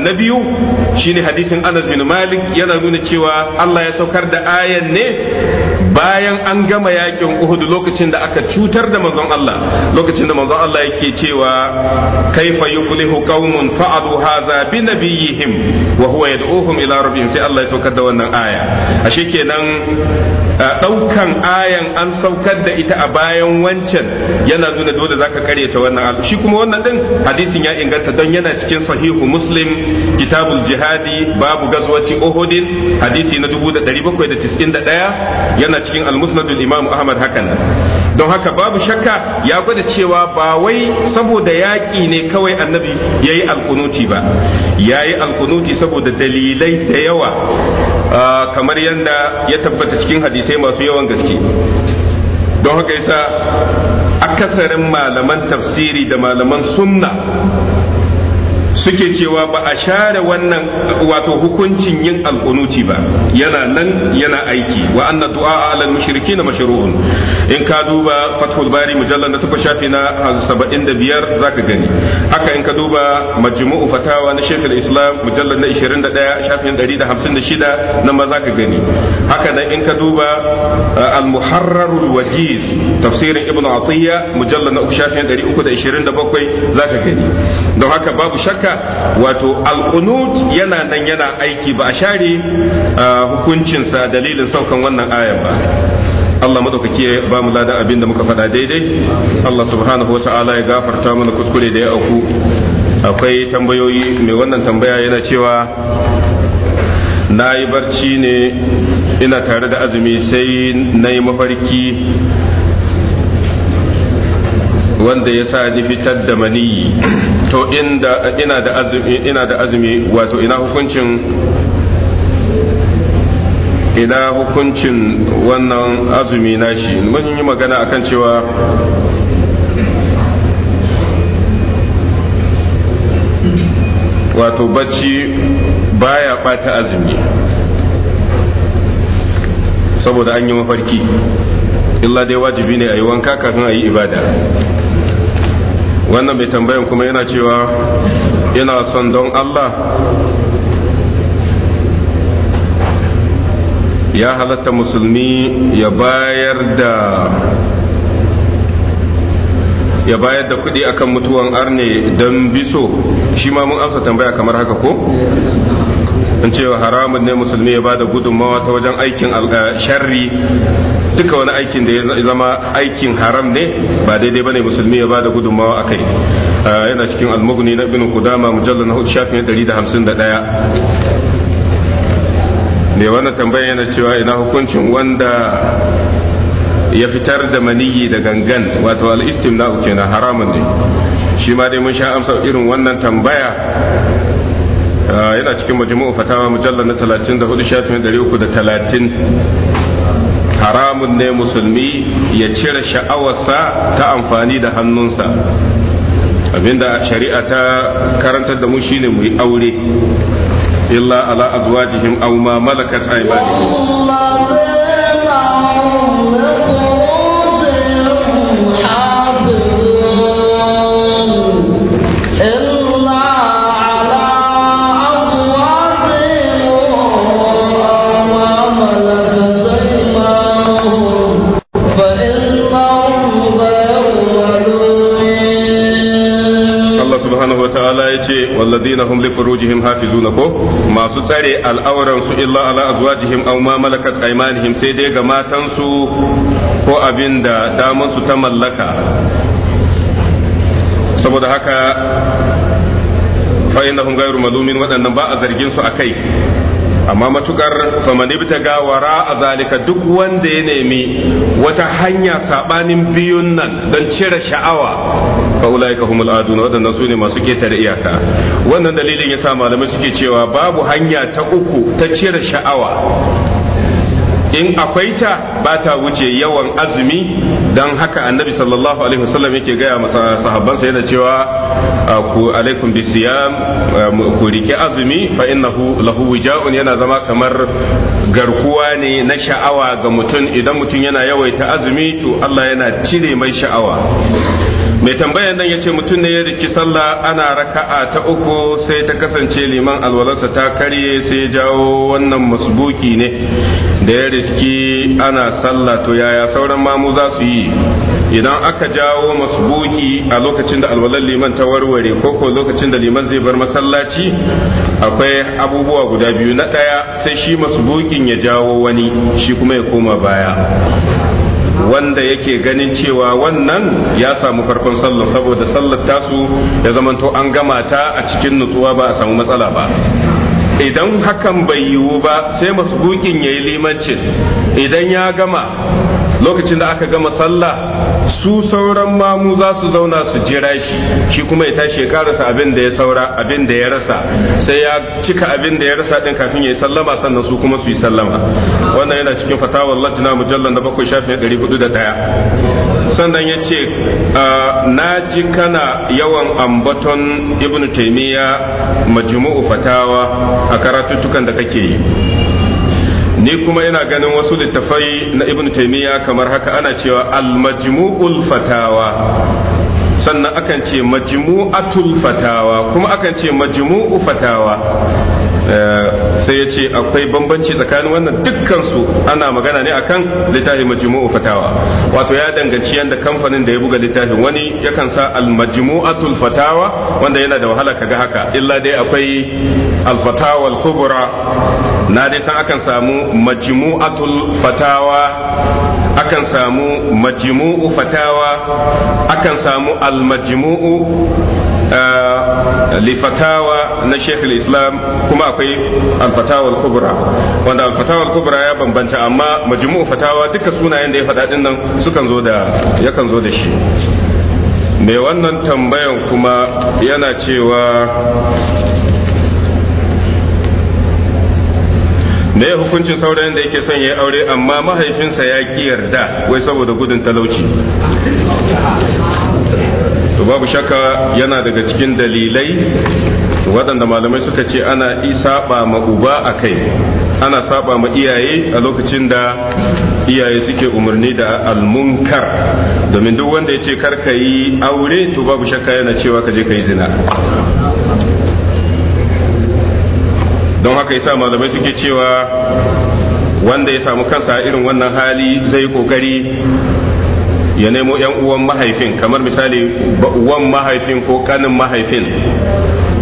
na biyu shine hadisin Anas bin Malik yana nuna cewa Allah ya saukar da ayan ne bayan an gama yakin Uhud lokacin da aka cutar da manzon Allah lokacin da manzon Allah yake cewa kaifa yuflihu qaumun fa'adu hadha bi nabiyihim wa huwa yad'uhum ila rabbihim sai Allah ya saukar da wannan aya ashe kenan daukan ayan an saukar da ita a bayan wancan yana nuna dole zaka karyata wannan shi kuma wannan din hadisin ya inganta don yana cikin sahihu muslim muslim kitabul jihadi babu gaswaci ohudin hadisi na 1791 yana cikin al-musnadul imam ahmad hakan don haka babu shakka ya gwada cewa ba wai saboda yaƙi ne kawai annabi ya yi alkunuti ba ya yi alkunuti saboda dalilai da yawa kamar yadda ya tabbata cikin hadisai masu yawan gaske don haka yasa akasarin malaman tafsiri da malaman sunna suke cewa ba a share wannan wato hukuncin yin alkunuti ba yana nan yana aiki wa anna du'a alal mushrikin mashru'un in ka duba fathul bari mujallal na takwas shafi na 75 zaka gani haka in ka duba majmu'u fatawa na shaykhul islam mujallal na 21 shafin 156 nan ma zaka gani haka nan in ka duba uh, al muharrarul wajiz tafsirin ibnu atiyya mujallal na 3 shafin 327 zaka gani don haka babu shakka wato alqunut yana nan yana aiki ba a share hukuncinsa dalilin saukan wannan ayan ba Allah madaukake ba mu lada abin da muka faɗa daidai Allah subhanahu wata'ala ya gafarta mana kuskure da ya auku akwai tambayoyi mai wannan tambaya yana cewa na yi barci ne ina tare da azumi sai na yi mafarki wanda ya sa ni fitar da maniyi to inda ina da azumi ina da wato ina hukuncin ina hukuncin wannan azumi na shi mun yi magana akan cewa wato bacci baya bata azumi saboda an yi mafarki illa dai wajibi ne a yi wanka kafin a yi ibada wannan mai tambayan kuma yana cewa yana son don Allah ya halatta musulmi ya bayar da ya bayar da kuɗi akan mutuwan arne don biso shi ma mun amsa tambaya kamar haka ko ce cewa haramun ne musulmi ya bada gudunmawa ta wajen aikin eh, sharri duka wani aikin da ya zama aikin haram ne ba daidai bane musulmi ya bada gudunmawa a kai eh, yana cikin almugni na ibn kudama mujallar na shafin 151 ne wannan tambayar yana cewa ina hukuncin wanda ya fitar da maniyi da gangan wato al-istimna'u kenan haramun ne shi ma dai mun sha amsa irin wannan tambaya yana ah, cikin majmu'u fatawa mujallal na 34 shafin 330 haramun ne musulmi ya cire sha'awarsa ta amfani da hannunsa abinda shari'a ta karantar da mu shine mu yi aure illa ala azwajihim aw ma malakat aymanihum walladina hum li furujihim hafizuna ko masu tsare al'auran su illa ala azwajihim aw ma malakat aymanihim sai ga matansu ko abinda da ta mallaka saboda haka fa innahum ghayru waɗannan ba a zargin su akai amma matukar famani bi gawara azalika duk wanda ya nemi wata hanya saɓanin biyun nan don cire sha'awa fa ulaika humul adun wadannan ne masu ketare iyaka wannan dalilin yasa malamai suke cewa babu hanya ta uku ta cire sha'awa in akwai ta ba ta wuce yawan azumi don haka annabi sallallahu alaihi wasallam yake gaya masa sahabbansa yana cewa ku alaikum bi ku rike azumi fa innahu lahu wija'un yana zama kamar garkuwa ne na sha'awa ga mutum idan mutum yana yawaita azumi to Allah yana cire mai sha'awa mai tambayan nan yace mutum ne ya riki sallah ana raka'a ta uku sai ta kasance liman alwalarsa ta karye sai ya jawo wannan musbuki ne da ya riski ana sallah to yaya sauran mamu za su yi idan aka jawo musbuki a lokacin da alwalar liman ta warware ko ko lokacin da liman zai bar masallaci akwai abubuwa guda biyu na ɗaya sai shi masbukin ya jawo wani shi kuma ya koma baya wanda yake ganin cewa wannan ya samu farkon sallah saboda sallar tasu ya zamanto an gama ta a cikin nutsuwa ba a samu matsala ba idan hakan bai yiwu ba sai masu gukin ya yi limancin idan ya gama lokacin da aka gama sallah su sauran mamu za su zauna su jira shi shi kuma ya tashi ya karasa abin da ya saura abin da ya rasa sai ya cika abin da ya rasa din kafin ya yi sallama sannan su kuma su yi sallama wannan yana cikin fatawar latina mujallar da bakwai shafi ya ɗari hudu da ɗaya sannan ya ce na ji kana yawan ambaton ibnu taimiyya majmu'u fatawa a karatuttukan da kake yi ni kuma yana ganin wasu littafai na ibn taimiyya kamar haka ana cewa al-majmu'ul fatawa sannan akan ce majmu'atul fatawa kuma akan ce majmu'u fatawa eh, sai ya ce akwai bambanci tsakanin wannan dukkansu ana magana ne akan littafin majmu'u fatawa wato ya danganci yadda kamfanin da ya buga littafin wani yakan sa al-majmu'atul fatawa wanda yana da wahala kaga haka illa dai akwai al-fatawa al-kubra na dai san akan samu majmu'atul fatawa akan samu majmu'u fatawa akan samu al-majmu'u eh, lifatawa na Sheikh islam kuma akwai al-fatawa al-kubra wanda al-fatawa al-kubra ya bambanta amma majmu'u fatawa duka sunayen da ya faɗa din nan sukan zo da yakan zo da shi mai wannan tambayan kuma yana cewa ne hukuncin saurayin da yake son ya yi aure amma mahaifinsa ya ki yarda wai saboda gudun talauci to babu shakka yana daga cikin dalilai waɗanda malamai suka ce ana saba ma uba a kai ana saba ma iyaye a lokacin da iyaye suke umarni da almunkar domin duk wanda ya ce karka yi aure to babu shakka yana cewa ka je ka yi zina don haka yasa malamai suke cewa wanda ya samu kansa irin wannan hali zai kokari ya nemo yan uwan mahaifin kamar misali uwan mahaifin ko kanin mahaifin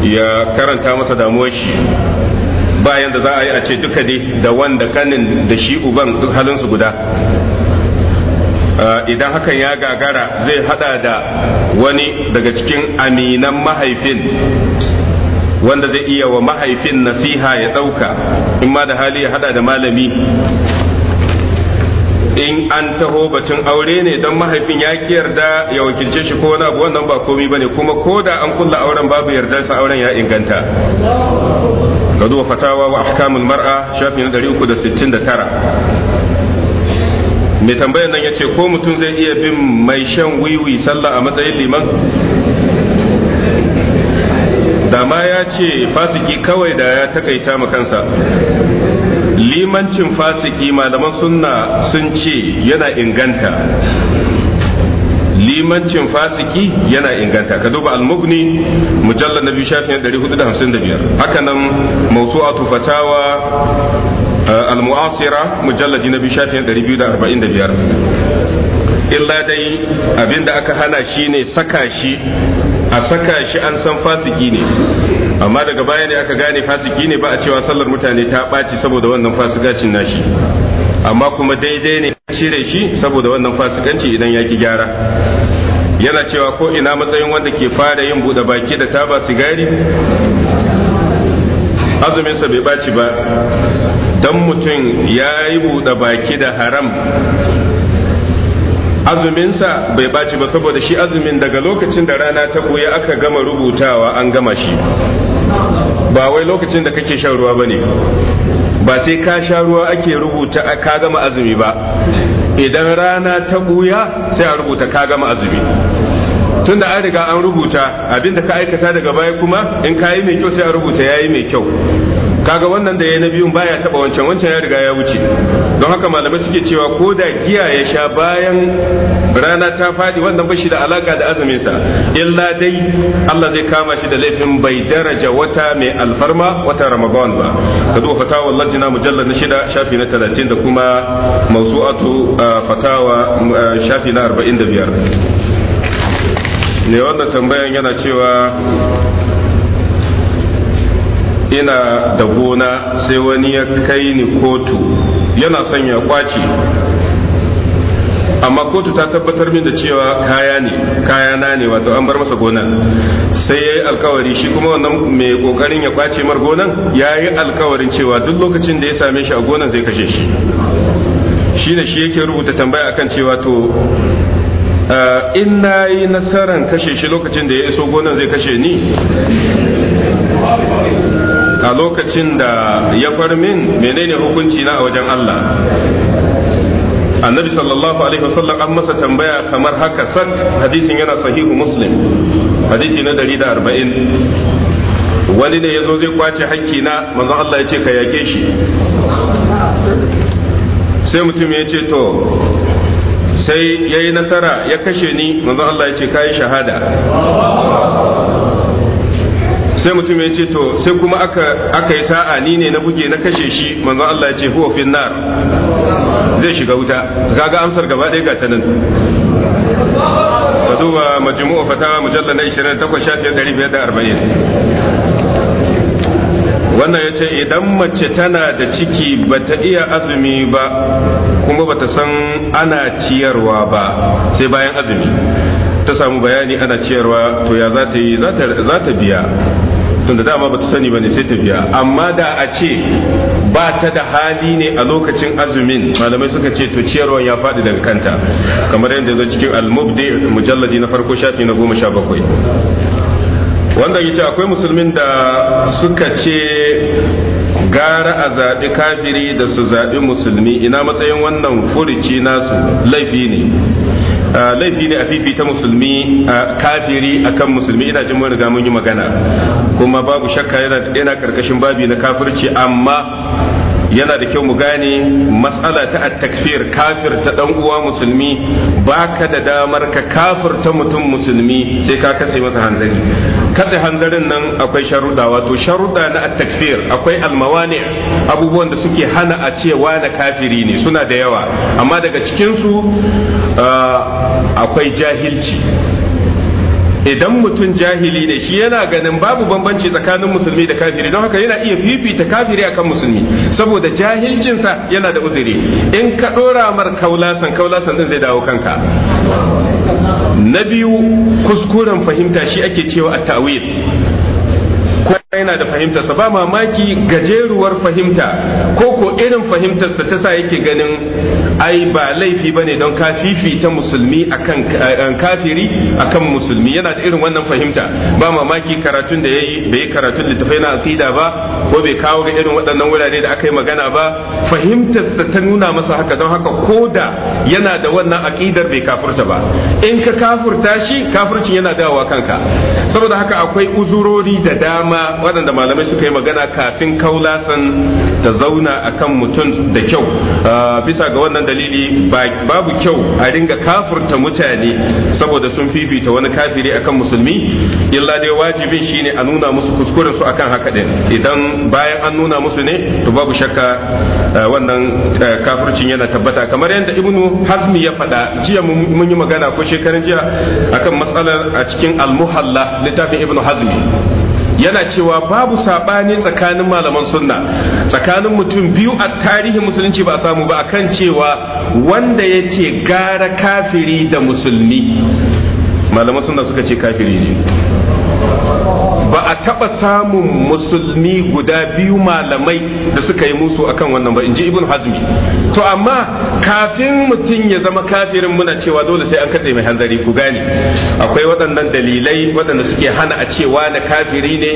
ya karanta masa damuwar shi bayan da za a yi a ce duka dai da wanda kanin da shi uban duk halinsu guda ah, idan hakan ya gagara zai hada da wani daga cikin aminan mahaifin wanda zai iya wa mahaifin nasiha ya ɗauka in ma da hali ya hada da malami in an taho batun aure ne don mahaifin ya ki yarda ya wakilce shi ko wani abu wannan ba komi bane kuma ko da an kulla auren babu yardar sa auren ya inganta ga duba fatawa wa ahkamul mar'a shafi na 369 mai tambayar nan ya ce ko mutum zai iya bin mai shan wiwi sallah a matsayin liman dama ya ce fasiki kawai da ya takaita mu kansa limancin fasiki malaman sunna sun ce yana inganta limancin fasiki yana inganta ka duba al-mughni mujallal nabi shafin 455 haka nan mawsu'atu fatawa eh, al-mu'asira mujallal nabi shafin 245 illa dai abinda aka hana shi ne saka shi a saka shi an san fasiki ne amma daga baya ne aka gane fasiki ne ba a cewa sallar mutane ta baci saboda wannan fasikacin nashi amma kuma daidai ne cire shi saboda wannan fasikanci idan ya ki gyara yana cewa ko ina matsayin wanda ke fara yin buɗe baki da taba sigari azuminsa bai baci ba don mutum ya yi buɗe baki da haram azuminsa bai baci ba saboda shi azumin daga lokacin da rana ta buya aka gama rubutawa an gama shi ba wai lokacin da kake shan ruwa ba ne ba sai ka sha ruwa ake rubuta ka gama azumi ba idan rana ta buya sai a rubuta ka gama azumi tun da an riga an rubuta abinda ka aikata daga baya kuma in ka yi mai kyau sai a rubuta ya yi mai kyau kaga wannan da ya na biyun baya taba wancan wancan ya riga ya wuce don haka malamai suke cewa ko da giya ya sha bayan rana ta fadi wannan bashi da alaka da azumin sa illa dai Allah zai kama shi da laifin bai daraja wata mai alfarma wata ramadan ba ka zo fatawa lajina mujallar na shida shafi na 30 da kuma mawsu'atu fatawa shafi na 45 ne wannan tambayan yana cewa ina da gona sai wani ya kai ni kotu yana son ya kwace amma kotu ta tabbatar min da cewa kaya ne kaya na ne wato an bar masa gona sai ya yi alkawari shi kuma wannan mai kokarin ya kwace mar gonan ya yi alkawarin cewa duk lokacin da ya same shi a gonan zai kashe shi shi ne shi yake rubuta tambaya akan cewa to ah, in na yi nasarar kashe shi lokacin da ya iso gonan zai kashe ni a lokacin da ya farmin menene hukunci na a wajen Allah annabi sallallahu alaihi wasallam an masa tambaya kamar haka sak hadisin yana sahihu muslim hadisi na 140 wani ne ya zo zai kwace hakki na manzon Allah ya ce ka yake shi sai mutum ya ce to sai ya yi nasara ya kashe ni manzon Allah ya ce ka yi shahada sai mutum ya ce to sai kuma aka yi sa'a ni ne na buge na kashe shi manzo Allah ya ce huwa fin nar zai shiga wuta kaga amsar gaba ɗaya ga ta nan ka duba majmu'u fatawa mujalla na 28 shafi 540 wannan ya ce idan mace tana da ciki bata iya azumi ba kuma bata san ana ciyarwa ba sai bayan azumi ta samu bayani ana ciyarwa to ya za ta yi za ta biya tunda dama ba ta sani ba ne sai tafiya amma da a ce ba ta da hali ne a lokacin azumin malamai suka ce to ciyarwa ya fadi daga kanta kamar yadda zai cikin al-mubdi mujalladi na farko shafi na goma sha bakwai wanda ya ce akwai musulmin da suka ce gara a zaɓi kafiri da su zaɓi musulmi ina matsayin wannan furuci nasu laifi ne Ah, laifi ne a fifita musulmi ah, kafiri akan musulmi ina jin mun mun yi magana kuma babu shakka yana karkashin babi na kafirci amma yana da kyau mu gane matsala ta takfir kafir ta dan uwa musulmi baka da damar ka kafirta mutum musulmi sai ka katse masa hanzari katse hanzarin nan akwai sharuɗa wato sharuɗa na takfir akwai almawani abubuwan da suke hana a cewa na kafiri ne suna da yawa amma daga cikinsu ah, akwai jahilci idan mutum jahili ne shi yana ganin babu bambanci tsakanin musulmi da kafiri don haka yana iya fifita kafiri akan musulmi saboda jahilcinsa yana da uzuri in ka ɗora mar kaulasan kaulasan din zai dawo kanka na biyu kuskuren fahimta shi ake cewa a ta'wil ko yana da fahimtarsa ba mamaki gajeruwar fahimta ko ko irin fahimtarsa ta sa yake ganin ai ba laifi ba ne don kafifi ta musulmi akan eh, kafiri akan musulmi yana da irin wannan fahimta ba mamaki karatun da yayi bai karatun littafai na aqida ba ko bai kawo ga irin waɗannan wurare da aka yi magana ba fahimtarsa ta nuna masa haka don haka ko da yana da wannan aqidar bai kafurta ba in ka kafurta shi kafurcin yana dawowa kanka saboda haka akwai uzurori da dama waɗanda malamai suka yi magana kafin kaulasan ta zauna akan kan mutum da kyau ah, bisa ga wannan dalili babu kyau a ringa kafurta mutane saboda sun fifita wani kafiri akan musulmi illa dai wajibin shine a nuna musu kuskuren su akan haka din idan bayan an nuna musu ne to babu shakka ah, wannan eh, kafircin yana tabbata kamar yadda ibnu hazmi ya faɗa jiya mun yi magana ko shekaran jiya akan matsalar a cikin almuhalla littafin ibnu hazmi yana cewa babu saɓani tsakanin malaman sunna tsakanin mutum biyu a tarihin musulunci ba samu ba akan cewa wanda ya ce gara kafiri da musulmi malaman sunna suka ce kafiri ne ba a taɓa samun musulmi guda biyu malamai da suka yi musu akan wannan ba in ji ibn hazmi to amma kafin mutum ya zama kafirin muna cewa dole sai an katse mai hanzari ku gane akwai waɗannan dalilai waɗanda suke hana a cewa na kafiri ne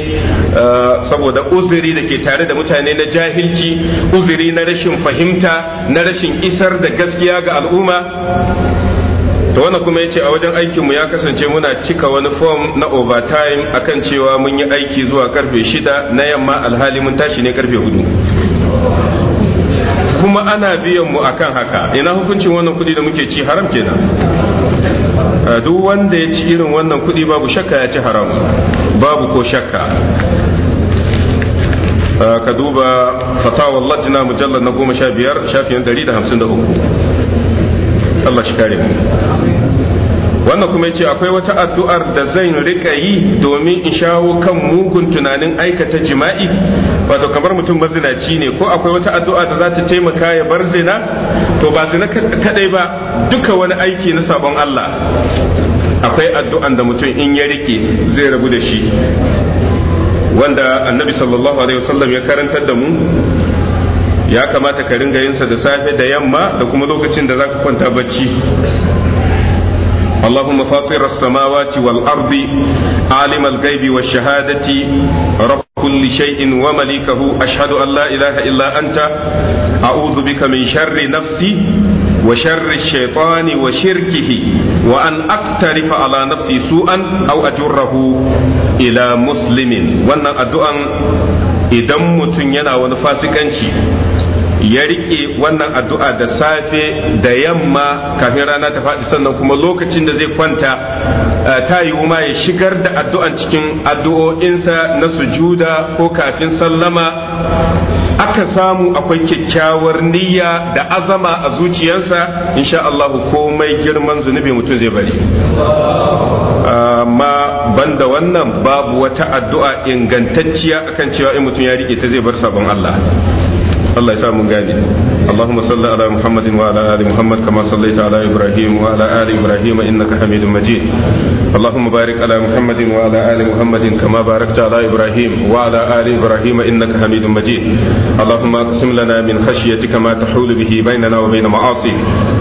uh, saboda uzuri da ke tare da mutane na jahilci uzuri na rashin fahimta na rashin isar da gaskiya ga al'umma to wannan kuma yace a wajen aikinmu ya kasance muna cika wani form na overtime akan cewa mun yi aiki zuwa karfe shida na yamma alhali mun tashi ne karfe hudu kuma ana biyan mu akan haka ina hukuncin wannan kudi da muke ci haram kenan eh, duk wanda ya ci irin wannan kudi babu shakka ya ci haram babu ko shakka eh, ka duba fatawa latina mujallar na goma sha biyar shafiyan 153 Allah shi kare mu wannan kuma ce akwai wata addu'ar da zan rika yi domin in shawo kan mugun tunanin aikata jima'i wato kamar mutum mazinaci ne ko akwai wata addu'a da za ta taimaka ya bar zina to ba zina kadai ba duka wani aiki na sabon Allah akwai addu'an da mutum in ya rike zai rabu da shi wanda annabi sallallahu alaihi wasallam ya karantar da mu ya kamata ka ringa yinsa da safe da yamma da kuma lokacin da zaka kwanta bacci اللهم فاطر السماوات والأرض عالم الغيب والشهادة رب كل شيء ومليكه أشهد أن لا إله إلا أنت أعوذ بك من شر نفسي وشر الشيطان وشركه وأن أقترف على نفسي سوءا أو أجره إلى مسلم وأن أدعى idan mutum yana wani fasikanci ya rike wannan addu'a da safe da yamma kafin rana ta faɗi sannan kuma lokacin da zai kwanta uh, ta yi ma ya shigar da addu'an cikin addu'o'insa na sujuda ko kafin sallama aka samu akwai kyakkyawar niyya da azama a zuciyarsa insha Allah komai girman zunubi mutum zai bari amma banda wannan babu wata addu'a ingantacciya akan cewa in mutum ya rike ta zai bar sabon Allah Allah ya sa mun gane Allahumma salli ala Muhammadin wa ala ali Muhammad kama sallaita ala Ibrahim wa ala ali Ibrahim innaka Hamidum Majid Allahumma barik ala Muhammadin wa ala ali Muhammadin kama barakta ala Ibrahim wa ala ali Ibrahim innaka Hamidum Majid Allahumma aqsim lana min khashyatika ma tahulu bihi bainana wa bain ma'asik